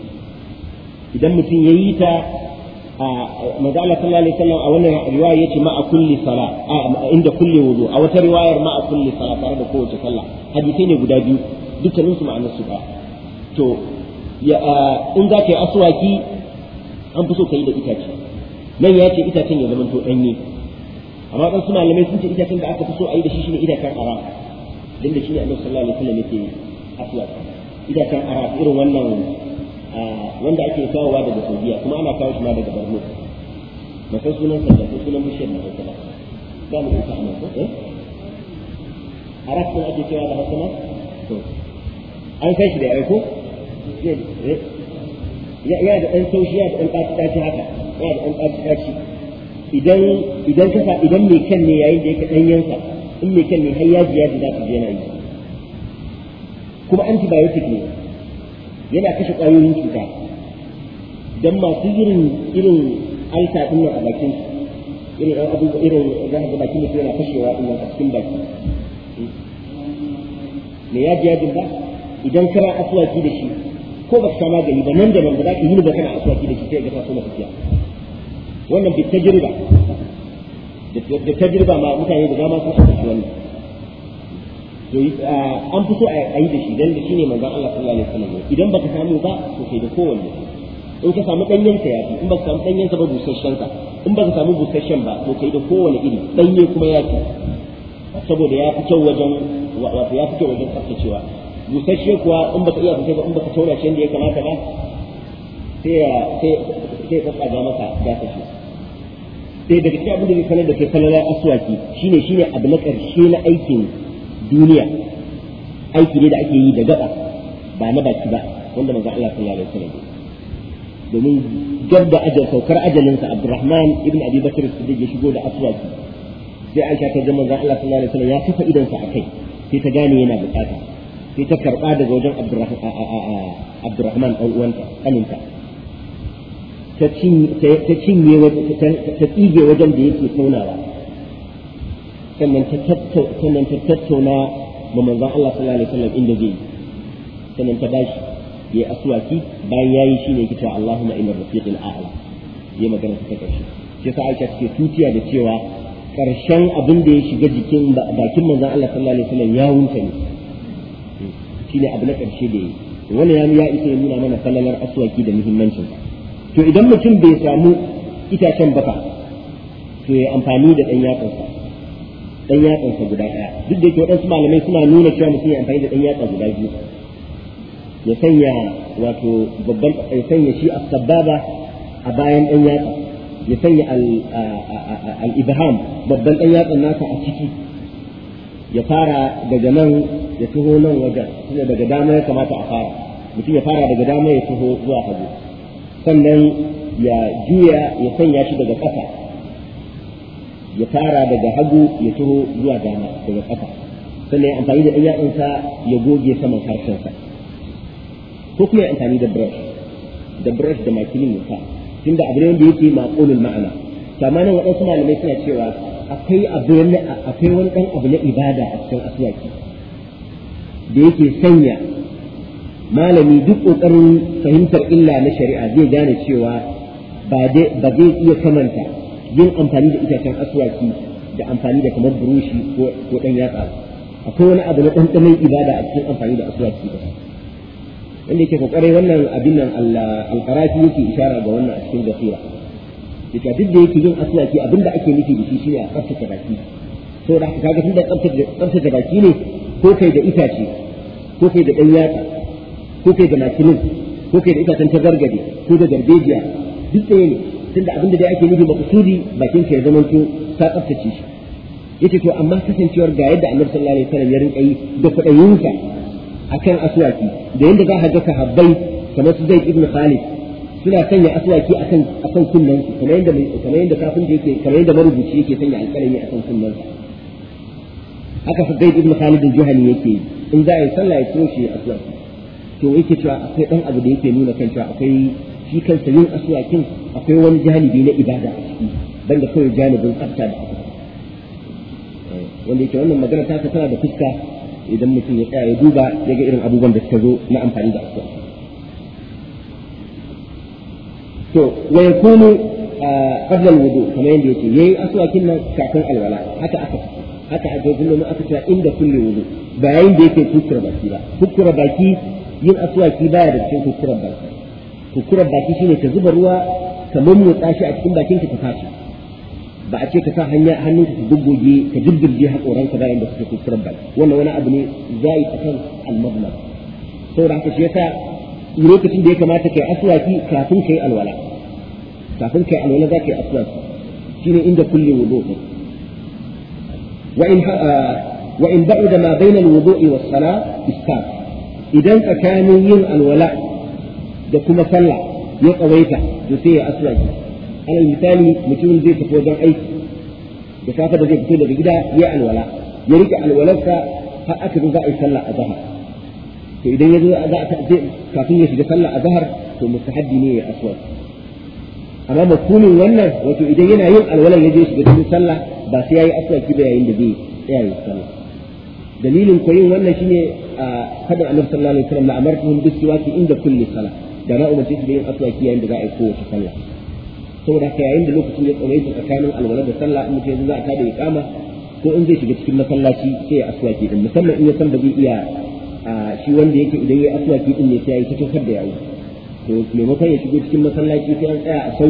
idan mutum ya yi ta a maza Allah sallallahu alaihi wasallam a wannan riwaya yace ma a kulli sala inda kulli wudu a wata riwayar ma a kulli sala tare da kowace sallah hadisi ne guda biyu dukkanin su ma'anar su ba to ya in za ka yi aswaki an fi so ka yi da itace nan ya ce itacen ya zama to danye amma dan suna malamai sun ce itacen da aka fi so a yi da shi shine itacen ara din da shine annabi sallallahu alaihi wasallam yake aswad itacen ara irin wannan wanda ake kawowa daga Saudiya kuma ana kawo shi ma daga Borno ba san sunan sallah ko sunan bishiyar na sallah ba mu ta amma ko eh? arak kuma ake kawo da hasana to an kai shi da yau ko eh? ya ya da ɗan taushi ya da ɗan ɗaci haka ya da ɗan ɗaci idan kasa idan mai kyan ne yayin da ya yake yanka in mai kyan ne har yaji yaji za ka je yana yi kuma antibiotic ne yana kashe ƙwayoyin cuta don masu irin irin alta din nan a bakin irin ɗan abubuwa irin za ka ga bakin mutum yana fashewa din nan a cikin baki me yaji yajin ba idan kana aswaki da shi ko ba ka sha magani ba nan da nan ba za ka yi ba kana aswaki da shi sai ga faso mafiya wannan bi tajriba da tajriba ma mutane da dama sun aka wannan to an fito a yi da shi dan da shine manzon Allah sallallahu alaihi wasallam idan baka samu ba to kai da kowanne in ka samu danyen ka yafi in baka samu danyen ka ba busasshen ka in baka samu busasshen ba to kai da kowanne iri danye kuma yafi saboda ya fi kyau wajen wato ya fi kyau wajen tsaftacewa busasshe kuwa in baka iya fice ba in baka tauna shi yadda ya kamata ba sai ya sai sai ka tsaga masa ya kashe sai daga cikin abin da zai sanar da kai falalar aswaki shine shine abu na karshe na aikin duniya aiki ne da ake yi da gaba ba na baki ba wanda manzo Allah sallallahu alaihi wasallam domin gab da ajal saukar sa Abdurrahman ibn Abi Bakr Siddiq ya shigo da aswaki sai Aisha ta zama manzo Allah sallallahu alaihi wasallam ya tafi idan sa akai sai ta gane yana bukata sai ta karba daga wajen Abdurrahman Abdurrahman dan uwanta kaninta ta cinye ta tsige wajen da yake saunawa sannan ta tattauna ma manzan Allah sallallahu alaihi wasallam inda zai yi sannan ta bashi ya yi aswaki bayan ya yi shi ne kita Allahumma inna rafiqil a'la ya magana ta karshe shi ta Aisha take tutiya da cewa karshen abin da ya shiga jikin bakin manzan Allah sallallahu alaihi wasallam ya wunta ne hmm. shine abu na karshe da yi wannan ya isa ya nuna mana sallalar aswaki da muhimmancin sa to idan mutum bai samu itacen ba fa, to ya amfani da ɗan yatsansa ɗan yatsansa guda ɗaya duk da yake waɗansu malamai suna nuna cewa mutum ya amfani da ɗan yatsa guda biyu ya sanya wato babban ya sanya shi a sababa a bayan ɗan yatsa ya sanya al-ibham babban ɗan yatsan nasa a ciki ya fara daga nan ya taho nan wajen daga dama ya kamata a fara mutum ya fara daga dama ya taho zuwa hagu sannan ya juya ya sanya shi daga ƙasa ya tara daga hagu ya turo zuwa dama daga ƙasa sannan ya amfani da ɗan yatsunsa ya goge saman harshensa ko kuma ya amfani da brush da brush da makilin ya tun da abin da yake maƙulul ma'ana amma waɗansu malamai suna cewa akwai abu akwai wani ɗan abu na ibada a cikin asuwaki da yake sanya malami duk ƙoƙarin fahimtar illa na shari'a zai gane cewa ba zai iya kamanta yin amfani da itacen aswaki da amfani da kamar burushi ko ɗan yatsa akwai wani abu na ɗanɗanon ibada a cikin amfani da aswaki ba wanda yake kokarai wannan abin nan alƙarafi yake ishara ga wannan a cikin gasira yake duk da yake yin aswaki abin da ake nufi da shi shine a tsaftace baki saboda haka kaga tunda tsaftace baki ne ko kai da itace ko kai da ɗan yatsa ko kai ga makinin ko kai da itacen ta gargade ko da garbejiya duk tsaye ne tunda abin da dai ake nufi makusudi bakin ka ya zama to ta tsaftace shi yace to amma kasancewar ga yadda Annabi sallallahu alaihi wasallam ya rinka yi da kudayinka akan aswaki da yanda za ka ga sahabbai kamar su Zaid ibn Khalid suna sanya aswaki akan akan kunnen su kamar yadda kamar yadda kafin da yake kamar yadda marubuci yake sanya alƙalami akan kunnen sa haka su Zaid ibn Khalid al-Juhani yake in za a yi sallah ya toshe aswaki to yake cewa akwai dan abu da yake nuna kan cewa akwai shi kansa yin asuwakin akwai wani janibi na ibada a ciki banda kawai janibin tsafta da aka eh, wanda yake wannan magana ta tana da fuska idan mutum ya tsaya ya duba ya ga irin abubuwan da suka zo na amfani da asuwa to wa yakunu ah, qabla al-wudu kamar yadda yake yayi asuwakin nan kafin alwala haka aka haka a dogon aka cewa inda kulli wudu ba yayin da yake kuskura baki ba kuskura baki yin asuwaki baya da cikin kuskuren baki kuskuren baki shine ka zuba ruwa ka mummutsa shi a cikin bakin ka tashi ba a ce ka sa hanya hannun ka dubbuge ka dubbuge hakoran ka bayan da suke kuskuren baki wannan wani abu ne zai akan almabna saboda haka shi yasa lokacin da ya kamata kai asuwaki kafin kai alwala kafin kai alwala za ka yi aswaki shine inda kulli wudu wa in wa in ba'da ma bayna alwudu'i was-salah istaq idan tsakanin yin alwala da kuma sallah ya tsawaita to sai ya aswaki alal misali mutumin zai tafi wajen aiki da safe da zai fito daga gida ya alwala ya rike alwalarsa har aka zo za a yi sallah a zahar to idan ya zo za a zai kafin ya shiga sallah a zahar to mustahabbi ne ya aswad amma mafhumin wannan wato idan yana yin alwalar ya je shiga cikin sallah ba sai yayi aswaki ba yayin da zai tsaya ya sallah dalilin ko yin wannan shine hadin annabi sallallahu alaihi wasallam la'amartuhum bisiwaki inda kulli sala da na umarce su da yin aswaki yayin da za a yi kowace sallah saboda haka yayin da lokacin ya tsawaita tsakanin alwala da sallah in mutum za a tada iqama ko in zai shiga cikin masallaci sai ya aswaki din musamman in ya san ba zai iya shi wanda yake idan ya aswaki din ne sai ya yi ta tafar da yayi to maimakon ya shiga cikin masallaci sai an tsaya a sau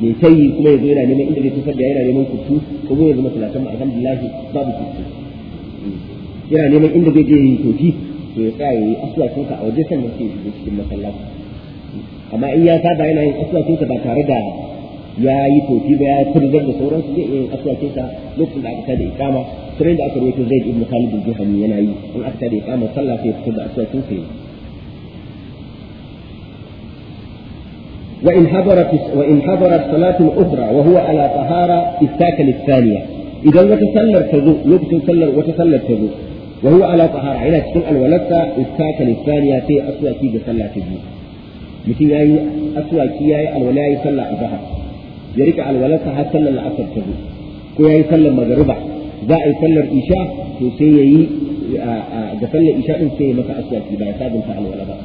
mai tayi kuma ya zo yana neman inda zai tafar da yana neman kutu ko zai zama salatan alhamdulillah babu kutu yana neman inda zai je yi tofi to ya tsaya yi asuwa aswakinsa a waje sannan sai ya cikin masallaci amma in ya saba yana yin asuwa aswakinsa ba tare da ya yi tofi ba ya turzar da sauransu zai iya asuwa aswakinsa lokacin da aka tada ikama sai da aka rawaito zai ibn khalid bin juhani yana yi in aka tada ikama sallah sai ya fitar da aswakinsa ya وإن حضرت وإن حضرت صلاة أخرى وهو على طهارة استاكل الثانية إذا وتسلر تذو يبت سلر وتسلر تذو وهو على طهارة إلى تكون الولدة إسكاك الثانية في أسواكي بسلا تجيب مثل ياي أسواكي ياي الولاي سلا أظهر يريك الولدة حتى سلا العصر تجيب كو ياي سلا مغربة ذا أي سلا الإشاء تسيي جسلا إشاء سيي مثل أسواكي لا يسابن فعل ولا بأس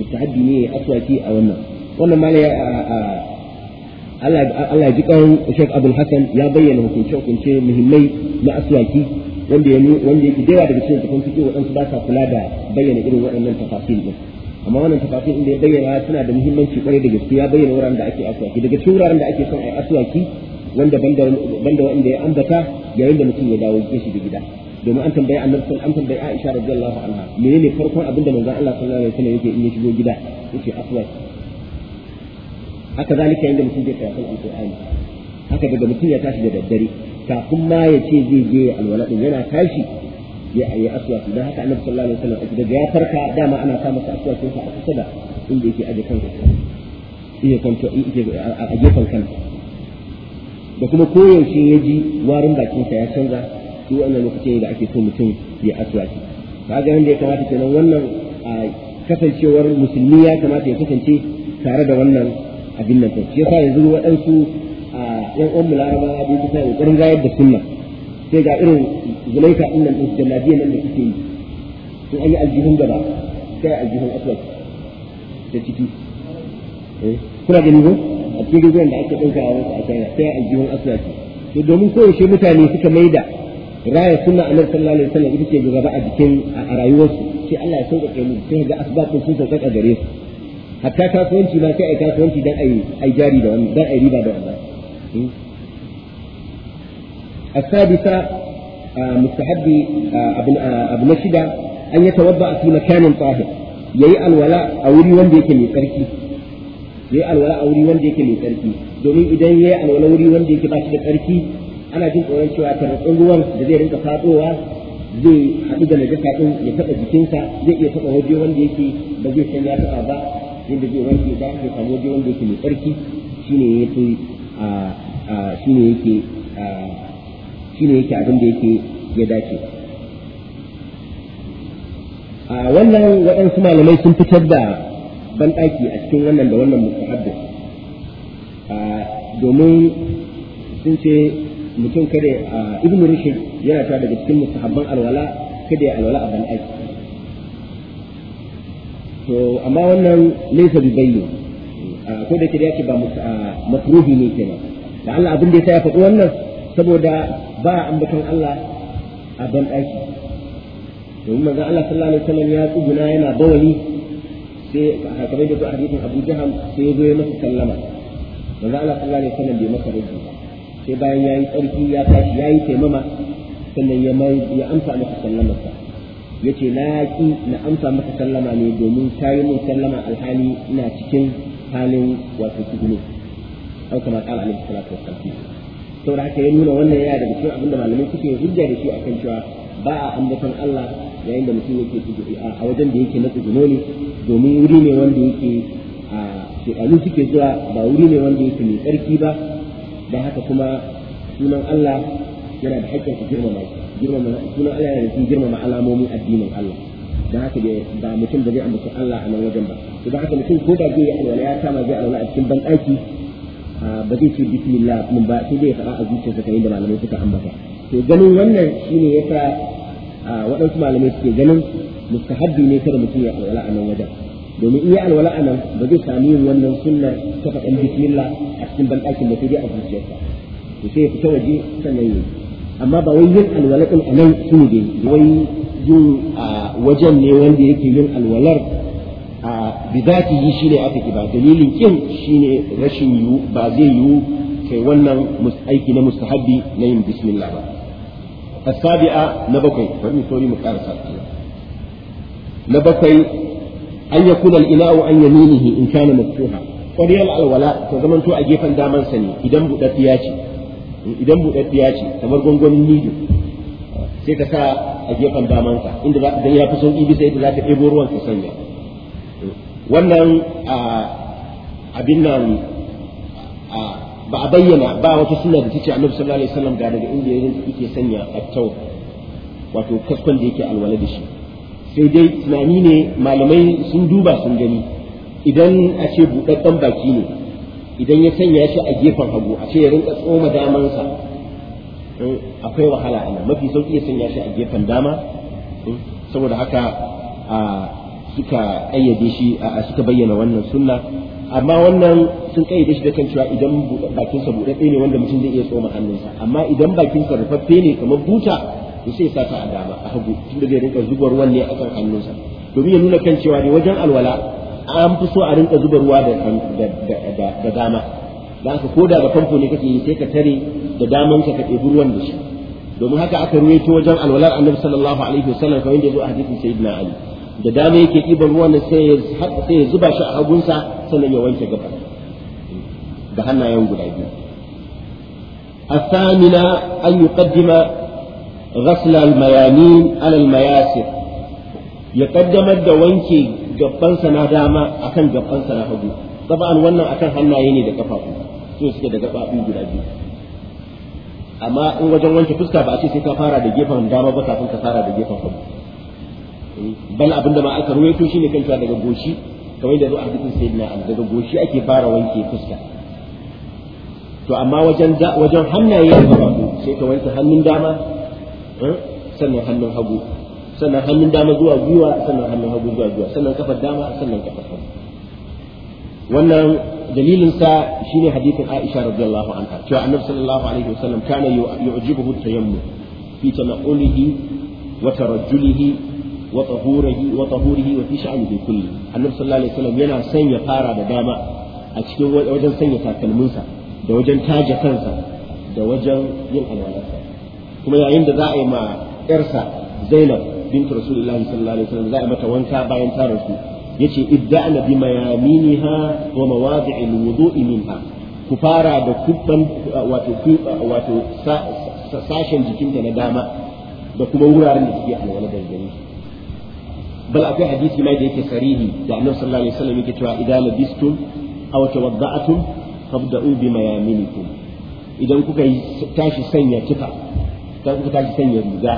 مستحدي ني أسواكي أو النار wannan ma Allah ya ji ƙawon Sheikh Abdul Hassan ya bayyana hukunce-hukunce muhimmai na aswaki wanda ya wanda yake da daga cikin tafan cikin wadansu ba sa kula da bayyana irin waɗannan tafasil din amma wannan tafasil inda ya bayyana suna da muhimmanci kwarai da gaske ya bayyana wuraren da ake asuwaki daga cikin wuraren da ake son ai asuwaki wanda banda wanda ya ambata yayin da mutum ya dawo ya shi gida domin an tambayi annabi sallallahu an tambayi Aisha radiyallahu anha menene farkon abin da manzon Allah sallallahu alaihi wasallam yake in ya shigo gida yace asuwaki haka zalika yayin da mutum zai karatu alqur'ani haka daga mutum ya tashi da daddare kafin ma ya ce zai je alwala din yana tashi ya ayi aswaki don haka annabi sallallahu alaihi wasallam daga ya farka dama ana sa masa aswakin sa a kusa da inda yake aje kansa iya kwanto a gefen kansa da kuma koyaushe ya ji warin bakinsa ya canza shi wannan lokacin da ake so mutum ya aswaki kaga yanda ya kamata kenan wannan kasancewar musulmi ya kamata ya kasance tare da wannan abin nan shi yasa yanzu waɗansu A yan uwan mu laraba abu ta sai kokarin gayar da sunna sai ga irin zulaika din nan din jalladiyan nan da suke yi sai an yi aljihun gaba sai aljihun aswad da ciki eh, kuna gani ko a cikin gidan da ake dauka a wasu a kai sai aljihun aswad to domin koyaushe mutane suka maida raya sunna annabi sallallahu alaihi wasallam ita ce gaba a jikin a rayuwarsu sai Allah ya sauƙaƙe mu sai ga asbabun sun sauƙaƙa gare su hatta kasuwanci ma sai ai kasuwanci dan ai ai jari da wannan dan ai riba da wannan abu na an yi a السادسة مستحب أبن ya yi alwala a wuri wanda yake mai tsarki ya yi alwala a wuri wanda yake mai tsarki. domin idan ya yi alwala wuri wanda yake ba shi da tsarki ana jin tsoron cewa tarbatsin ruwan da zai rinka fatowa zai haɗu da najasa ɗin ya taɓa jikinsa zai iya taɓa waje wanda yake ba zai san ya taɓa ba yadda zai wanke ba ya samu waje wanda yake mai tsarki shine ya fi shine yake shine yake abin da yake ya dace a wannan waɗansu malamai sun fitar da banɗaki a cikin wannan da wannan mustahabbin domin sun ce mutum kada ibn rushd yana ta daga cikin mustahabban alwala kada ya alwala a banɗaki to amma wannan laysa bi bayyin ko da yake ba makruhi ne kenan da Allah abin da ya ya faɗi wannan saboda ba a ambaton Allah a ban ɗaki domin manzo Allah sallallahu alaihi wasallam ya tsuguna yana bawali sai a kamar da hadisin Abu Jahal sai ya zo ya masa sallama manzo Allah sallallahu alaihi wasallam bai masa rubu sai bayan ya yi tsarki ya tashi ya yi taimama sannan ya mai ya amsa masa sallamar sa yace na ki na amsa masa sallama ne domin ta yi mun sallama alhali ina cikin halin wato tsugunu aw kama qala alaihi salatu wassalam saboda haka ya nuna wannan yana daga cikin abin da malamai suke hujja da a kan cewa ba a ambaton Allah yayin da mutum yake a wajen da yake na tsuguno ne domin wuri ne wanda yake a shekaru suke zuwa ba wuri ne wanda yake mai ba don haka kuma sunan Allah yana da haƙƙin a girmama girmama sunan Allah yana da girmama alamomin addinin Allah da haka ba mutum da zai ambaci Allah a nan wajen ba to haka mutum ko da zai yi alwala ya kama zai alwala a cikin banɗaki Ah, ba zai ce bismillah mun ba sai dai ya faɗa a zuciyarsa kamar da malamai suka ambata to ganin wannan shine yasa ah, waɗansu malamai suke ganin mustahabbi ne kada mutum ya alwala a nan wajen domin iya alwala a nan ba zai sami yin wannan sunnar ta faɗan bismillah a cikin banɗakin ba sai dai a zuciyarsa to sai ya fita waje sannan yi amma ba wai yin alwala ɗin a nan su ne wai yin ah, wajen ne wanda yake yin alwalar bi yi shine afiki ba dalilin kin shine rashin yiwu ba zai yiwu kai wannan aiki na mustahabbi na yin bismillah ba السابعة نبقي فمن سوري an نبقي أن يكون الإناء عن يمينه إن كان مفتوحا قرية الولاء تزمن تو أجيفا داما سني إذن بؤدت ياتي إذن بؤدت ياتي كمر غنغون النيجو sai ka sa a gefen damansa inda za ya fi sauƙi bisa yadda za ka ɗebo ruwan ka sanya wannan abin nan ba a bayyana ba wata suna da tace annabi sallallahu alaihi wasallam ga daga inda yake sanya attau wato kaskon da yake alwala da shi sai dai tunani ne malamai sun duba sun gani idan a ce buɗaɗɗen baki ne idan ya sanya shi a gefen hagu a ce ya rinka tsoma sa eh, akwai wahala ana mafi sauki ya sanya shi a gefen dama eh, saboda haka a suka ayyade shi a suka bayyana wannan sunna amma wannan sun kayyade shi da kan cewa idan bakinsa buɗaɗɗe ne wanda mutum zai iya tsoma hannunsa amma idan bakinsa rufaffe ne kamar buta to sai sa ta a dama a hagu tunda zai rinka zubar ne akan hannunsa domin ya nuna kan cewa ne wajen alwala an fi so a rinka zubar ruwa da dama da haka ko da da famfo ne kake yi sai ka tare da damanka ka ɗebi ruwan da shi domin haka aka ruwaito wajen alwalar annabi sallallahu alaihi wasallam kamar yadda ya zo a hadisin sayyidina ali da dama yake ɗiban ruwan nan sai ya zuba shi a hagunsa sannan ya wanke gaba da hannayen guda biyu الثامنة أن يقدم غسل الميامين على المياسر يقدم الدوانكي جبان سنة داما أكن جبان سنة هدو طبعا وانا أكن هنا يني Sun سو سكي دكفافو guda جدا amma in wajen wanke fuska ba a ce sai ka fara da gefen dama ba kafin ka fara da gefen hagu bal abinda ma aka ruwaito ne kan cewa daga goshi kamar da zo a hadisin sayyidina ali daga goshi ake fara wanke fuska to amma wajen wajen hannaye da hagu sai ka wanke hannun dama eh, sannan hannun hagu sannan hannun dama zuwa gwiwa sannan hannun hagu zuwa gwiwa sannan kafar dama sannan kafar hagu wannan dalilin sa shine hadithin Aisha radiyallahu anha cewa Annabi sallallahu alaihi wasallam kana yu'jibuhu tayammum fi tanaqulihi wa tarajjulihi wa tahurihi wa tahurihi wa fi sha'ani kulli annabi sallallahu alaihi wasallam yana sanya fara da dama a cikin wajen sanya takalminsa da wajen taje kansa da wajen yin alwalarsa kuma yayin da za a yi ma yarsa Zainab bint Rasulullah sallallahu alaihi wasallam za a mata wanka bayan ta rasu yace idda'na bi mayaminiha wa mawadi'il wudu'i minha ku fara da kubban wato wato sashen jikinta na dama da kuma wuraren da suke alwala da gari bal akwai hadisi mai da yake sarihi da annabi sallallahu alaihi wasallam yake cewa idan labistum aw tawadda'atum fabda'u bi mayaminikum idan kuka tashi sanya tufa idan kuka tashi sanya riga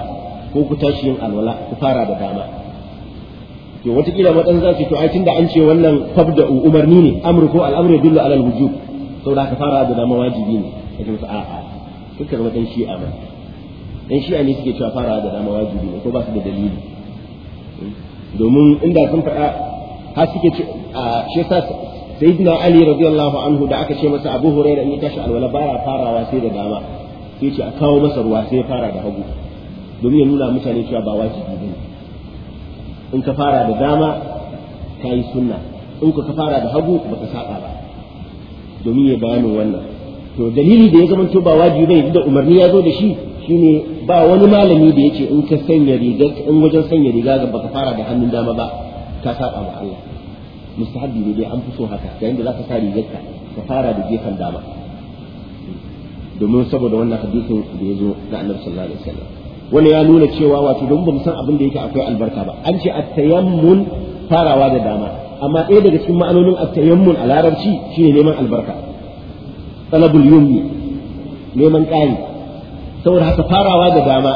ko ku tashi yin alwala ku fara da dama to wata wataƙila madan za su to ai tunda an ce wannan fabda'u umarni ne amru ko al'amru yadullu ala al-wujub saboda ka fara da dama wajibi ne kace musu a'a suka zama dan shi'a ma dan shi'a ne suke cewa fara da dama wajibi ne ko ba su da dalili domin inda sun faɗa har suke ce shi yasa sayyidina ali radiyallahu anhu da aka ce masa abu huraira in ya tashi alwala baya farawa sai da dama sai ce a kawo masa ruwa sai ya fara da hagu domin ya nuna mutane cewa ba wajibi ba ne in ka fara da dama ka yi sunna in ka fara da hagu ba ka saba ba domin ya bayanin wannan to dalili da ya zama to ba wajibi bane da umarni ya zo da shi shine ba wani malami da yace in ka sanya riga in wajen sanya riga ga baka fara da hannun dama ba ka saba ba Allah mustahabi ne dai an fi so haka yayin za zaka sa rigar ka fara da gefen dama domin saboda wannan hadisin da ya zo na Annabi sallallahu alaihi wasallam wani ya nuna cewa wato don ba san abin da yake akwai albarka ba an ce at-tayammun farawa da dama amma ɗaya daga cikin ma'anonin at-tayammun a larabci shine neman albarka talabul yumni neman ƙari saboda haka farawa da dama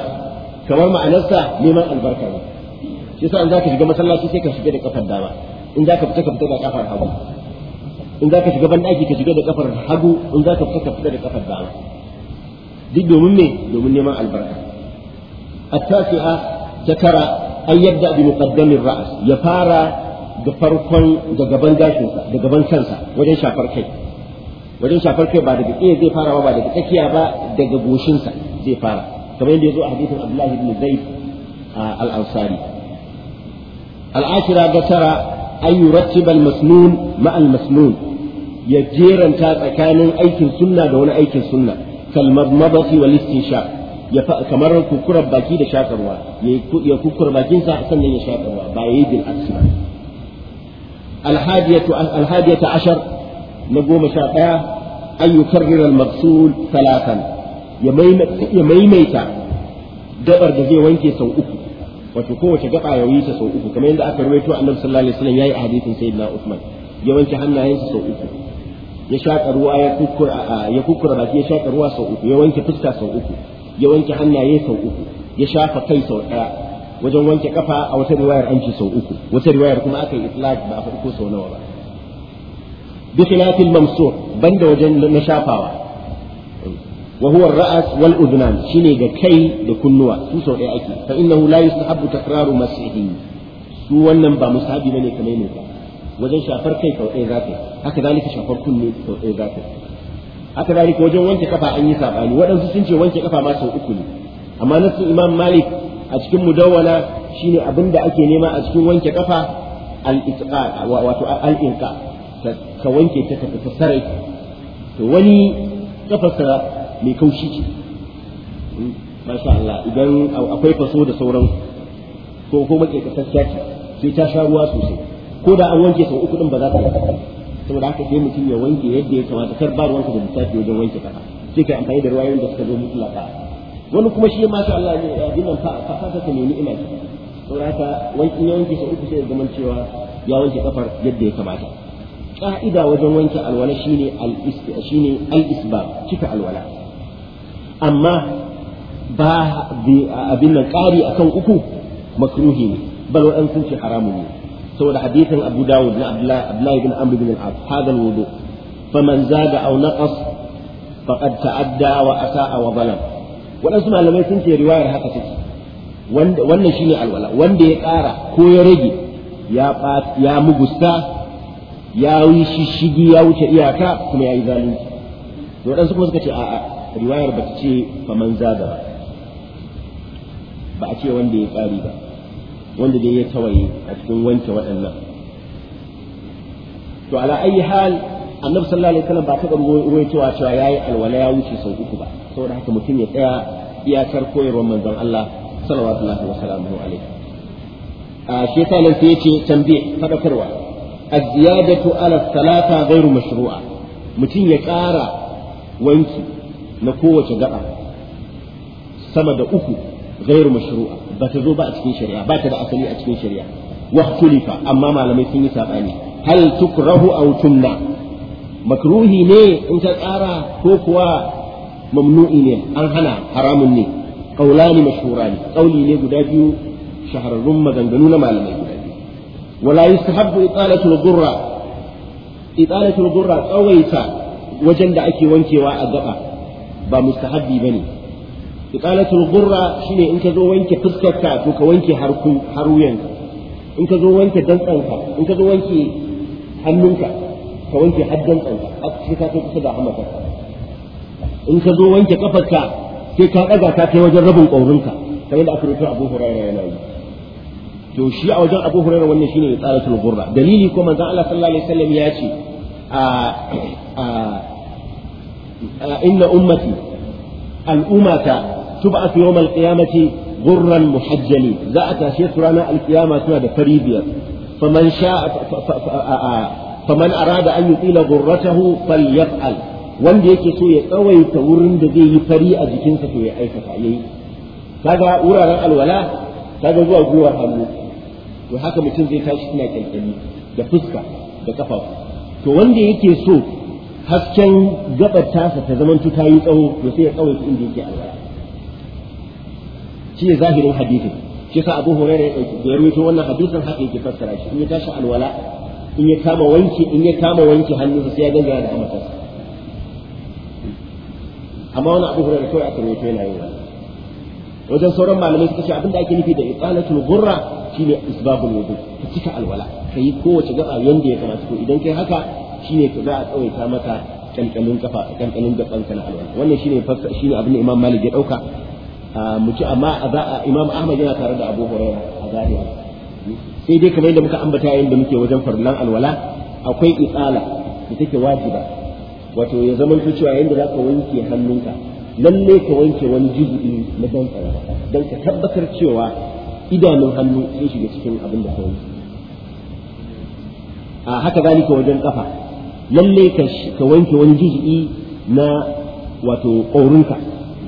kamar ma'anarsa neman albarka ne shi yasa in ka shiga masallaci sai ka shiga da kafar dama in za ka fita ka fita da kafar hagu in za ka shiga banɗaki ka shiga da kafar hagu in za ka fita ka fita da kafar dama duk domin me domin neman albarka ta tara, التاسعة تكرى bi يبدأ بمقدم ya fara da farkon da gaban gashinsa da gaban kansa wajen shafar kai wajen shafar kai ba daga iya zai fara ba daga tsakiya ba daga goshinsa zai fara kamar yadda ya zo a hadisin Abdullahi ibn Zaid al-Ansari al-ashira da tara an yurattiba al-masnun ma al-masnun ya jeranta tsakanin aikin sunna da wani aikin sunna kalmadmadati wal istinshaq ya kamar kukurar baki da shakarwa ya kukura bakinsa sannan ya shakarwa ba yayi bil aksi ba الحادية الحادية عشر نقوم شاطئة أن يكرر المغسول ثلاثا ya maimaita gabar da zai wanke sau uku wato kowace gaba ya yi sau uku kamar yadda aka rawaito annabi sallallahu alaihi wasallam yayi a hadisin sayyidina Usman ya wanke hannayensa sau uku ya shaka ruwa ya kukkura ya kukkura baki ya shaka ruwa sau uku ya wanke fuska sau uku ya wanke hannaye sau uku ya shafa kai sau daya wajen wanke kafa a wata riwayar an ce sau uku wata riwayar kuma aka yi itlaq ba a farko sau nawa ba bi khilafil mamsur banda wajen na shafawa Wahuwar huwa ar-ra's wal shine ga kai da kunnuwa su sau ɗaya ake fa innahu la yustahabbu takraru masihi su wannan ba musahabi bane kamar ne ba wajen shafar kai sau ɗaya zaka haka zalika shafar kunne sau ɗaya zaka haka zalika wajen wanke kafa an yi sabani waɗansu sun ce wanke kafa ma sau uku ne amma nasu imam malik a cikin mudawwala shine abinda ake nema a cikin wanke al wato al ka wanke ta ta to wani mai kaushi ce masha Allah idan akwai faso da sauran ko ko mace kasasciya ce sai ta sha ruwa sosai ko da an wanke sau uku din ba za ta yi saboda haka sai mutum ya wanke yadda ya kamata kar ba ruwanka da lissafi wajen wanke kafa sai kai amfani da ruwayoyin da suka zo mutlaka wani kuma shi masha Allah ne ya dinnan fa fa fa ta nemi ina ce saboda haka wanki ya wanke sau uku sai ya zama cewa ya wanke kafar yadda ya kamata ka'ida wajen wanke alwala shine al-isba shine al-isbab cika alwala amma ba abin nan ƙari akan uku makruhi ne bal waɗansu ce haramun ne saboda hadithin Abu Dawud na Abdullahi ibn Amr ibn al-As hadal wudu faman zaga aw naqas faqad ta'adda wa asa'a wa zalam waɗansu malamai sun ce riwayar haka take wannan shine alwala wanda ya ƙara ko ya rage ya mugusta ya yi shishigi ya wuce iyaka kuma ya yi zalunci waɗansu kuma suka ce a'a riwayar ba ta ce faman zada ba ba a ce wanda ya tsari ba wanda dai ya tawaye a cikin wanke waɗannan to ala ayi hal annabi sallallahu alaihi wasallam ba ta ruwaya cewa cewa yayi alwala ya wuce sau uku ba saboda haka mutum ya tsaya iyakar koyarwar manzon Allah sallallahu alaihi wasallam a shi yasa nan sai yace tambaye fadakarwa az-ziyadatu ala salata ghairu mashru'a mutum ya ƙara wanki na kowace gaba sama da uku gairu mashru'a ba ta zo ba a cikin shari'a ba ta da asali a cikin shari'a wa khulifa amma malamai sun yi sabani hal tukrahu aw tumna makruhi ne in ka tsara ko kuwa mamnu'i ne an hana haramun ne qaulani mashhurani qauli ne guda biyu shahararrun maganganu na malamai guda biyu wala yustahabbu italatu al-durra tsawaita wajen da ake wankewa a gaba ba mustahabbi bane iqalatul gurra shine in ka zo wanke fuskarka to ka wanke harku wuyan in ka zo wanke dantsanka in ka zo wanke hannunka ka wanke har dantsanka har sai ka kai kusa da hamata in ka zo wanke kafarka sai ka daga ka kai wajen rabin kaurinka kamar da aka rubuta Abu Hurairah yana yi to shi a wajen Abu Hurairah wannan shine iqalatul gurra dalili ko manzon Allah sallallahu alaihi wasallam ya ce a inna ummati al'ummata tub'atu yawm al-qiyamati غرا محجلين زعت شيء ترانا القيامة تنا da فمن شاء فمن أراد أن يطيل غرته فليفعل wanda yake so ya tsawaita wurin da zai yi fari a jikinsa to ya aikata yayi kaga wuraren alwala kaga zuwa gwiwar hannu to haka mutum zai tashi suna kyalkyali da fuska da kafafu to wanda yake so hasken gabar tasa ta zamantu ta yi tsawo to sai ya tsawo inda yake alwala shi ne zahirin hadisin shi sa abu hurairah ya dauki da ya wannan hadisin haka yake fassara shi in ya tashi alwala in ya kama wanki in ya kama wanki hannu sai ya gangara da matasa. amma wani abu hurairah kawai aka rubuto yana yin wannan wajen sauran malamai suka ce abinda ake nufi da itsalatul gurra shine isbabul wudu ka cika alwala kai kowace gaba yanda ya kamata to idan kai haka shine to za a tsawaita maka kankanin kafa kankanin gaban kana alwala wannan shine shine abin da Imam Malik ya dauka mu ci amma a Imam Ahmad yana tare da Abu Hurairah a zahiri sai dai kamar yadda muka ambata yayin da muke wajen farlan alwala akwai itsala da take wajiba wato ya zaman cewa yayin da zaka wanke hannunka lalle ka wanke wani juzu'i na dan dan ka tabbatar cewa idanun hannu sun shiga cikin abin da ka wanke a haka zalika wajen kafa lalle ka wanke wani juz'i na wato ƙaurinka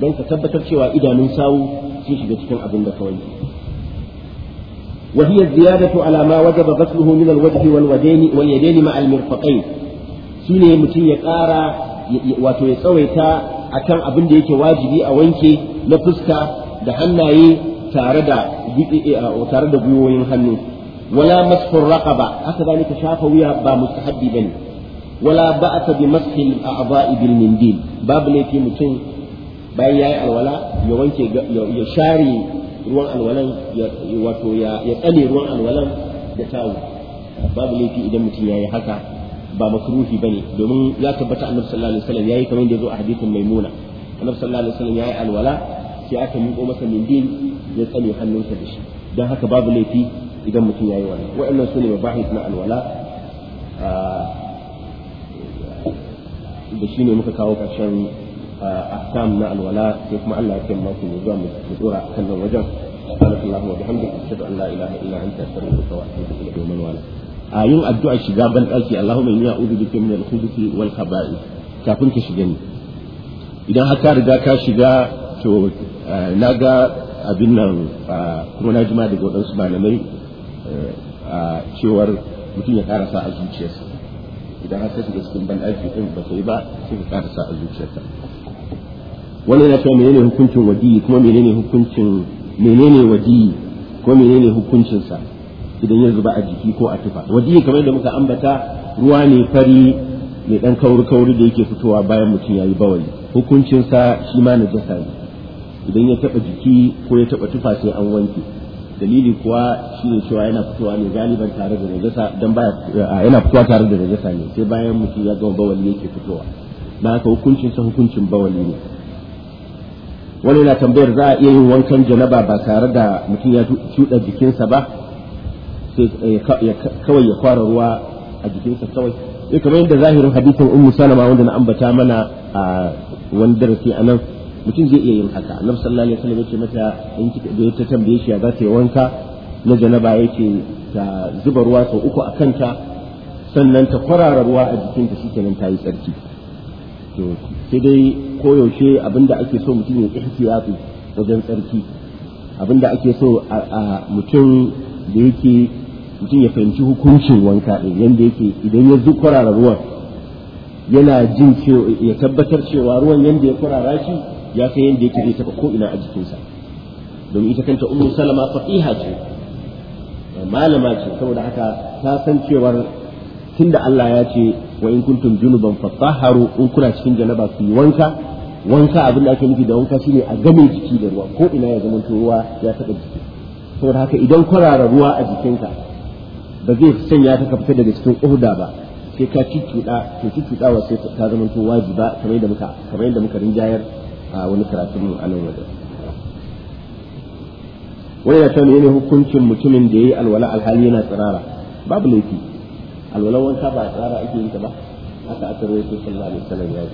don ka tabbatar cewa idanun sawu sun shiga cikin abin da ka wanke وهي الزيادة على ما وجب غسله من الوجه والودين واليدين مع المرفقين سنة متي يقارى واتو يتويتا أكام أبن ديك واجبي أوينكي لفسكا دهناي تاردا تاردا بيوين هنو ولا مسح الرقبة هكذا ذلك شافه ويا با مستحبي بني wala ba'sa bi mashil a'dha'i bil mindil babu laifi mutum bayan yayi alwala ya wanke ya share ruwan alwalan ya wato ya ya tsale ruwan alwalan da tawo babu laifi idan mutum yayi haka ba makruhi bane domin ya tabbata annabi sallallahu alaihi wasallam yayi kamar da zo a hadisin maimuna annabi sallallahu alaihi wasallam yayi alwala sai aka miƙo masa mindil ya tsale hannunsa da shi don haka babu laifi idan mutum yayi wannan wa'annan sune mabahis na alwala ah, da shi ne muka kawo ƙarshen ahkam na alwala sai kuma Allah ya kai mako ne zuwa mu dora kan nan wajen subhanahu wa ta'ala bihamdihi ashhadu an la ilaha illa anta astaghfiruka wa atubu ilayk wa man wala a yin addu'a shiga ban daki Allahumma inni a'udhu bika min al-khubuthi wal khaba'ith kafin ka shiga ni idan har ka riga ka shiga to na ga abin nan kuma na jima daga waɗansu malamai cewar mutum ya karasa a zuciyarsa idan har ta shiga cikin banɗaki ɗin ba sai ba sai ka sa a zuciyarta Wannan yana cewa menene hukuncin wadiyi kuma menene hukuncin menene wadiyi kuma menene hukuncinsa idan ya zuba a jiki ko a tufa wadiyi kamar yadda muka ambata ruwa ne fari mai ɗan kauri-kauri da yake fitowa bayan mutum ya yi bawali hukuncinsa shi ma najasa ne idan ya taɓa jiki ko ya taɓa tufa sai an wanke dalili kuwa shi ne cewa yana fitowa ne galiban tare da najasa dan baya yana fitowa tare da najasa ne sai bayan mutum ya gama bawali yake fitowa na haka hukuncin sa hukuncin bawali ne wani na tambayar za a iya yin wankan janaba ba tare da mutum ya cuɗa jikinsa ba sai eh, kawai ya kwara ruwa a jikinsa kawai eh, kamar yadda zahirin hadisin ummu salama wanda na ambata mana a wani darasi a nan mutum zai iya yin haka annabi sallallahu alaihi wasallam yace mata in kika da ta tambaye shi ya za ta yi wanka na janaba yake ta zuba ruwa sau uku a kanta sannan ta kwarara ruwa a jikin ta shikenan ta yi tsarki to sai dai koyaushe abinda ake so mutum ya fi wajen tsarki abinda ake so a mutum da yake mutum ya fahimci hukuncin wanka din yanda yake idan ya zu ruwan yana jin ya tabbatar cewa ruwan yadda ya kwarara shi ya san yadda yake zai taba ko'ina a jikinsa domin ita kanta ummu salama faqiha ce malama ce saboda haka ta san cewar tun da Allah ya ce wa in kuntum junuban haro in kuna cikin janaba su yi wanka wanka abin da ake nufi da wanka shine a game jiki da ruwa ko ina ya zama ruwa ya taɓa jiki saboda haka idan kwarara ruwa a jikinka ba zai sanya ka fita daga cikin uhda ba sai ka cicciɗa to cicciɗawa sai ta zama wajiba kamar yadda muka kamar yadda muka rinjayar a wani karatun a wajen wani ya tauni ne hukuncin mutumin da ya yi alwala alhali yana tsirara babu laifi alwala wanka ba tsirara ake yi ta ba haka aka rawaito sallallahu alaihi wasallam ya yi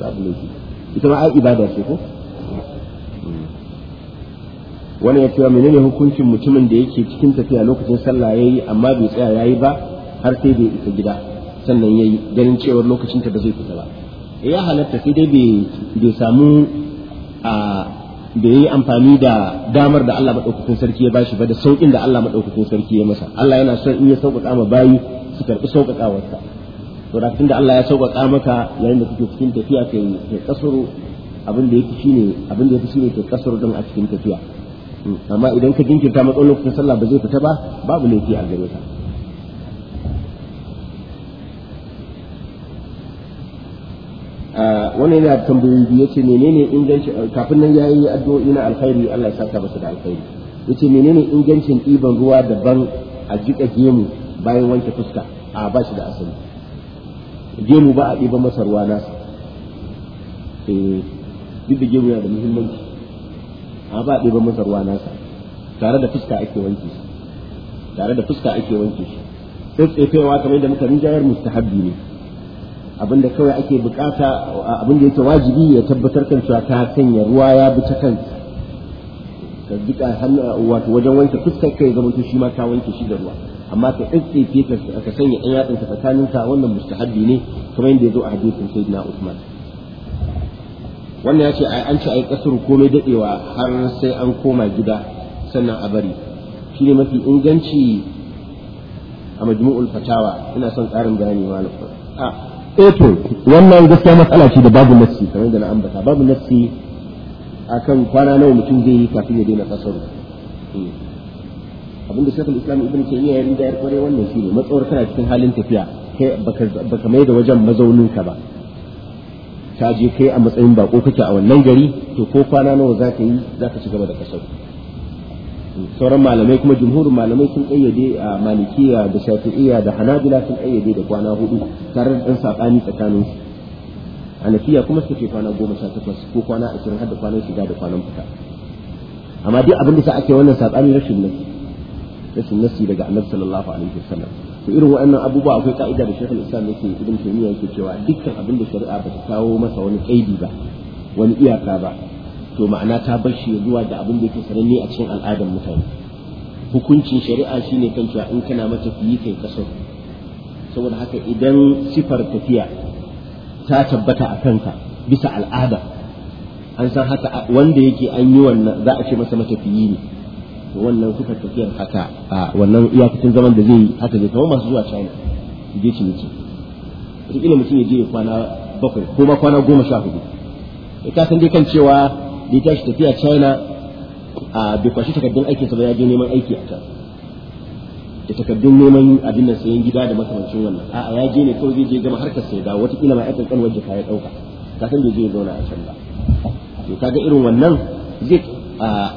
babu laifi ita ma ai ibada ce ko hmm. wani ya cewa menene hukuncin mutumin da yake cikin tafiya lokacin sallah yayi amma bai tsaya yayi ba har sai bai isa gida sannan yayi ganin cewa lokacin ta ba zai fita ba ya halatta sai dai bai samu a da yi amfani da damar da Allah maɗaukakin sarki ya bashi ba da sauƙin da Allah maɗaukakin sarki ya masa Allah yana son in ya sauƙaƙa ma bayi su karɓi sauƙaƙawarsa to da da Allah ya sauƙaƙa maka yayin da kuke cikin tafiya kai kai kasuru abin da yake shine abin da yake shine kai kasuru din a cikin tafiya hmm, amma idan ka jinkirta matsalolin sallah ba zai fita ba babu laifi a gare ka wani yana tambayoyi biyu yace menene inganci kafin nan yayi addu'o'i na alkhairi Allah ya saka masa da alkhairi yace menene ingancin ɗiban ruwa daban a jika gemu bayan wanke fuska a ba shi da asali gemu ba a ɗiba masa ruwa nasa eh duk da gemu yana da muhimmanci a ba a ɗiba masa ruwa nasa tare da fuska ake wanke shi tare da fuska ake wanke shi sai tsaifewa kamar yadda muka rinjayar mustahabbi ne abinda kawai ake bukata abinda yake wajibi ya tabbatar kan cewa ta sanya ruwa ya bi ta kan ka duka hannu wato wajen wanke fuskar kai zama to shi ma ka wanke shi da ruwa amma ka tsaitsaye ka ka sanya ɗan yatsun ka tsakaninka wannan mustahabbi ne kamar yadda ya zo a hadisin na Usman wannan ya ce an ci ayi kasar komai daɗewa har sai an koma gida sannan a bari Shi ne mafi inganci a majmu'ul fatawa ina son ƙarin bayani na a ah, Eto eh wannan gaskiya matsala ce da babu nassi kamar da na ambata babu nassi akan kwana nawa mutum zai yi kafin ya daina kasaru eh. abinda shekul islam ibn taymiya ya rinda ya kware wannan shine matsawar kana cikin halin tafiya kai baka mai da wajen mazaunin ka ba ka je kai a matsayin bako kake a wannan gari to ko kwana nawa zaka yi zaka ci gaba da kasar sauran malamai kuma jumhurin malamai sun kayyade a malikiya da shafi'iyya da hanabila sun kayyade da kwana hudu tare da dan sabani tsakanin su hanafiya kuma suke kwana goma sha takwas ko kwana ashirin har da kwanan shiga da kwanan fita amma duk abin da sa ake wannan sabani rashin nasi rashin nasi daga annabi sallallahu alaihi wasallam to irin waɗannan abubuwa akwai ka'ida da shekul islam yake ibn taymiya yake cewa dukkan abin da shari'a ba ta kawo masa wani kaidi ba wani iyaka ba to ma'ana ta bar shi zuwa da abin da yake sananne a cikin al'adar mutane hukuncin shari'a shine kan cewa in kana matafiyi kai kasar saboda haka idan sifar tafiya ta tabbata a kanka bisa al'ada an san haka wanda yake an yi wannan za a ce masa matafiyi ne to wannan sifar tafiyar haka a wannan iyakacin zaman da zai yi haka zai kama masu zuwa china su je ciniki wataƙila mutum ya je kwana bakwai ko ma kwana goma sha hudu ka san dai kan cewa da ta shi tafiya china a bai kwashi takardun aikinsa ba ya je neman aiki a can da takardun neman abin da sayan gida da makamancin wannan a'a ya je ne kawai zai gama harkar sai da wata kila ma aikin kalwar jaka ya dauka ka san bai zai zauna a can ba to kaga irin wannan zai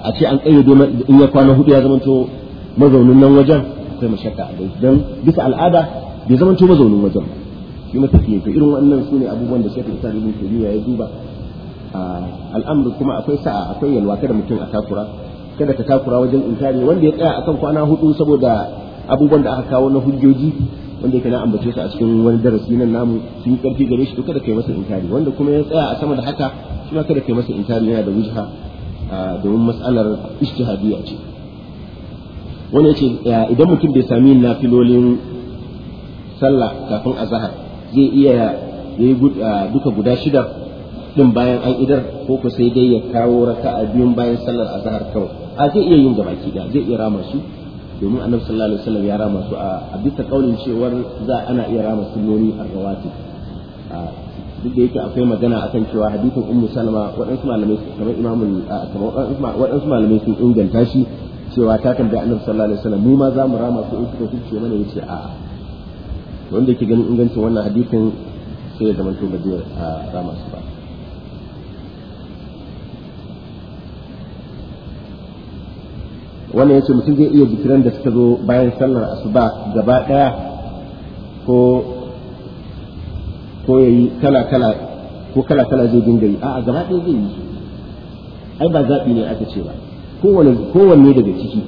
a ce an kayyade in ya kwana hudu ya zamanto mazaunin nan wajen akwai mashakka a don bisa al'ada bai zamanto mazaunin wajen ba shi matafiya ka irin wannan sune abubuwan da shekaru ta rubin ya duba al'amri kuma akwai sa'a akwai yalwa kada mutum a takura kada ka takura wajen inkari wanda ya tsaya akan kwana hudu saboda abubuwan da aka kawo na hujjoji wanda yake na ambace su a cikin wani darasi nan namu sun yi karfi gare shi to kada kai masa inkari wanda kuma ya tsaya a sama da haka shi ma kada kai masa inkari yana da wujha domin mas'alar ijtihadiyya ce wani yace idan mutum bai sami nafilolin sallah kafin azhar zai iya yayi duka guda shida din bayan an idar ko ku sai dai ya kawo raka a biyun bayan sallar azhar kawai a zai iya yin gabaki da zai iya rama su domin annabi sallallahu alaihi wasallam ya rama su a bisa kaulin cewar za ana iya rama sunnoni a rawati duk da yake akwai magana akan cewa hadithin ummu salama waɗansu malamai kamar imamu kamar waɗansu malamai sun inganta shi cewa ta tambaya annabi sallallahu alaihi wasallam mu ma za mu rama su in suka ce mana yace a'a wanda yake ganin ingancin wannan hadithin sai ya zamanto ba a rama su ba wannan yace mutum zai iya zikiran da suka zo bayan sallar asuba gaba daya ko ko yayi kala kala ko kala kala zai dinga yi a'a gaba daya zai yi su ai ba zabi ne aka ce ba kowanne kowanne daga ciki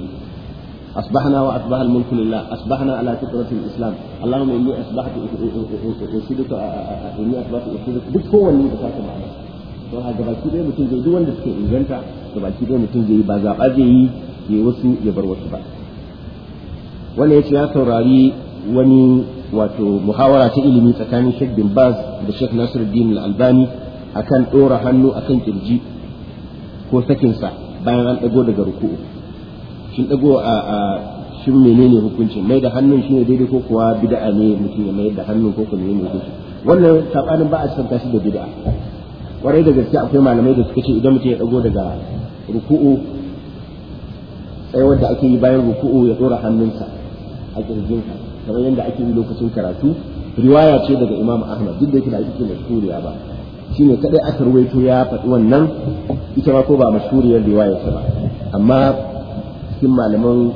أصبحنا وأصبح الملك لله أصبحنا على فطرة الإسلام اللهم إني أصبحت أشهدك إني أصبحت أشهدك بس هو اللي بتاعك معنا to a gabaki ɗaya mutum zai duk wanda suka inganta gabaki ɗaya mutum zai yi ba zaɓa zai yi ya wasu ya bar wasu ba ya ce ya saurari wani wato muhawara ta ilimi tsakanin Sheikh bin Baz da Sheikh Nasiruddin Al-Albani akan dora hannu akan kirji ko sakin sa bayan an dago daga ruku'u shin dago a shin menene hukuncin mai da hannun ne daidai ko kuwa bid'a ne mutum ya mai da hannun ko kuma menene hukunci wannan sabanin ba a san shi da bid'a kwarai da gaske akwai malamai da suka ce idan mutum ya dago daga ruku'u sai da ake yi bayan ruku'u ya tsora hannunsa a ka, kamar yadda ake yi lokacin karatu riwaya ce daga Imam Ahmad duk da yake da ake mashhuriya ba shine kadai aka ruwaito ya faɗi wannan ita ma ko ba mashhuriyar riwaya ba amma cikin malaman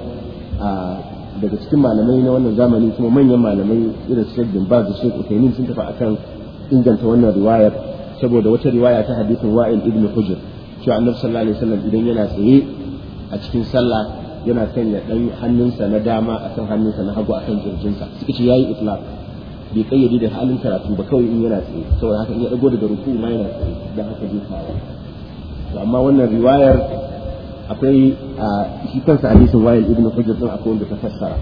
daga cikin malamai na wannan zamani kuma manyan malamai irin su Sheikh Bin Baz da Sheikh Uthaymeen sun tafi akan inganta wannan riwayar saboda wata riwaya ta hadisin Wa'il ibn Hujr cewa Annabi sallallahu alaihi wasallam idan yana tsaye a cikin sallah yana sanya dan hannunsa na dama akan hannunsa na hagu akan kirjinsa suka ce yayi itlaq bai kayyade da halin karatu ba kawai in yana tsaye saboda haka in ya dago daga ruku ma yana tsaye dan haka zai fara to amma wannan riwayar akwai shi kansa hadisin wayan ibn hujr din akwai wanda ta fassara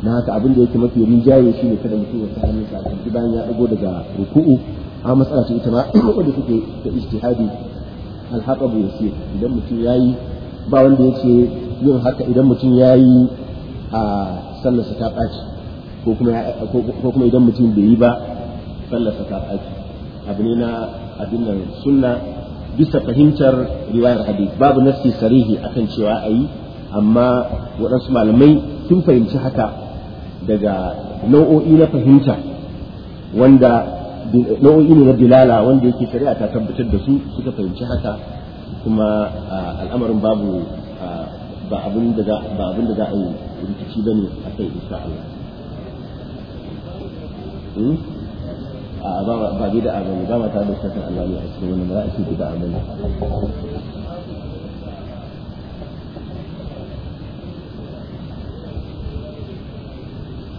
na haka abin da yake mafi rinjaye shi ne kada mutum ya sa hannunsa a kan bayan ya dago daga ruku'u a matsala ce ita ma <coughs> wanda suke da ijtihadi alhaqabu yasir idan mutum yayi ba wanda yake yin haka idan mutum ya yi a sallarsa ta ɓaci ko kuma idan mutum bai yi ba sallarsa ta ɓaci abu ne na abin nan bisa fahimtar riwayar hadith babu nassi sarihi akan cewa a yi amma waɗansu malamai sun fahimci haka daga nau'o'i na fahimta wanda nau'o'i ne na dilala wanda yake shari'a ta tabbatar da su suka fahimci haka kuma al'amarin babu ba abin da ba abin da za a yi rikici bane a kai insha Allah a ba ba bi da abin ba mata da shakar Allah ne a cikin wannan ba a da abin bane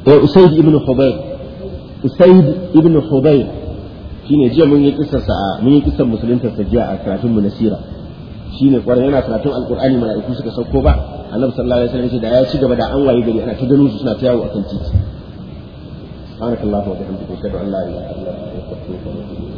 Usaid ibn Hubayr Usaid ibn Hubayr shine jiya mun yi kissa sa mun yi kisan musulunta sa jiya a karatun mu na sira shi ne kwarai yana karatun alkur'ani mala'iku suka sauko ba annabi sallallahu alaihi wasallam ce da ya ci gaba da an waye gari ana ta ganin su suna ta yawo akan titi subhanakallahu wa bihamdika ashhadu an la ilaha illa anta astaghfiruka wa atubu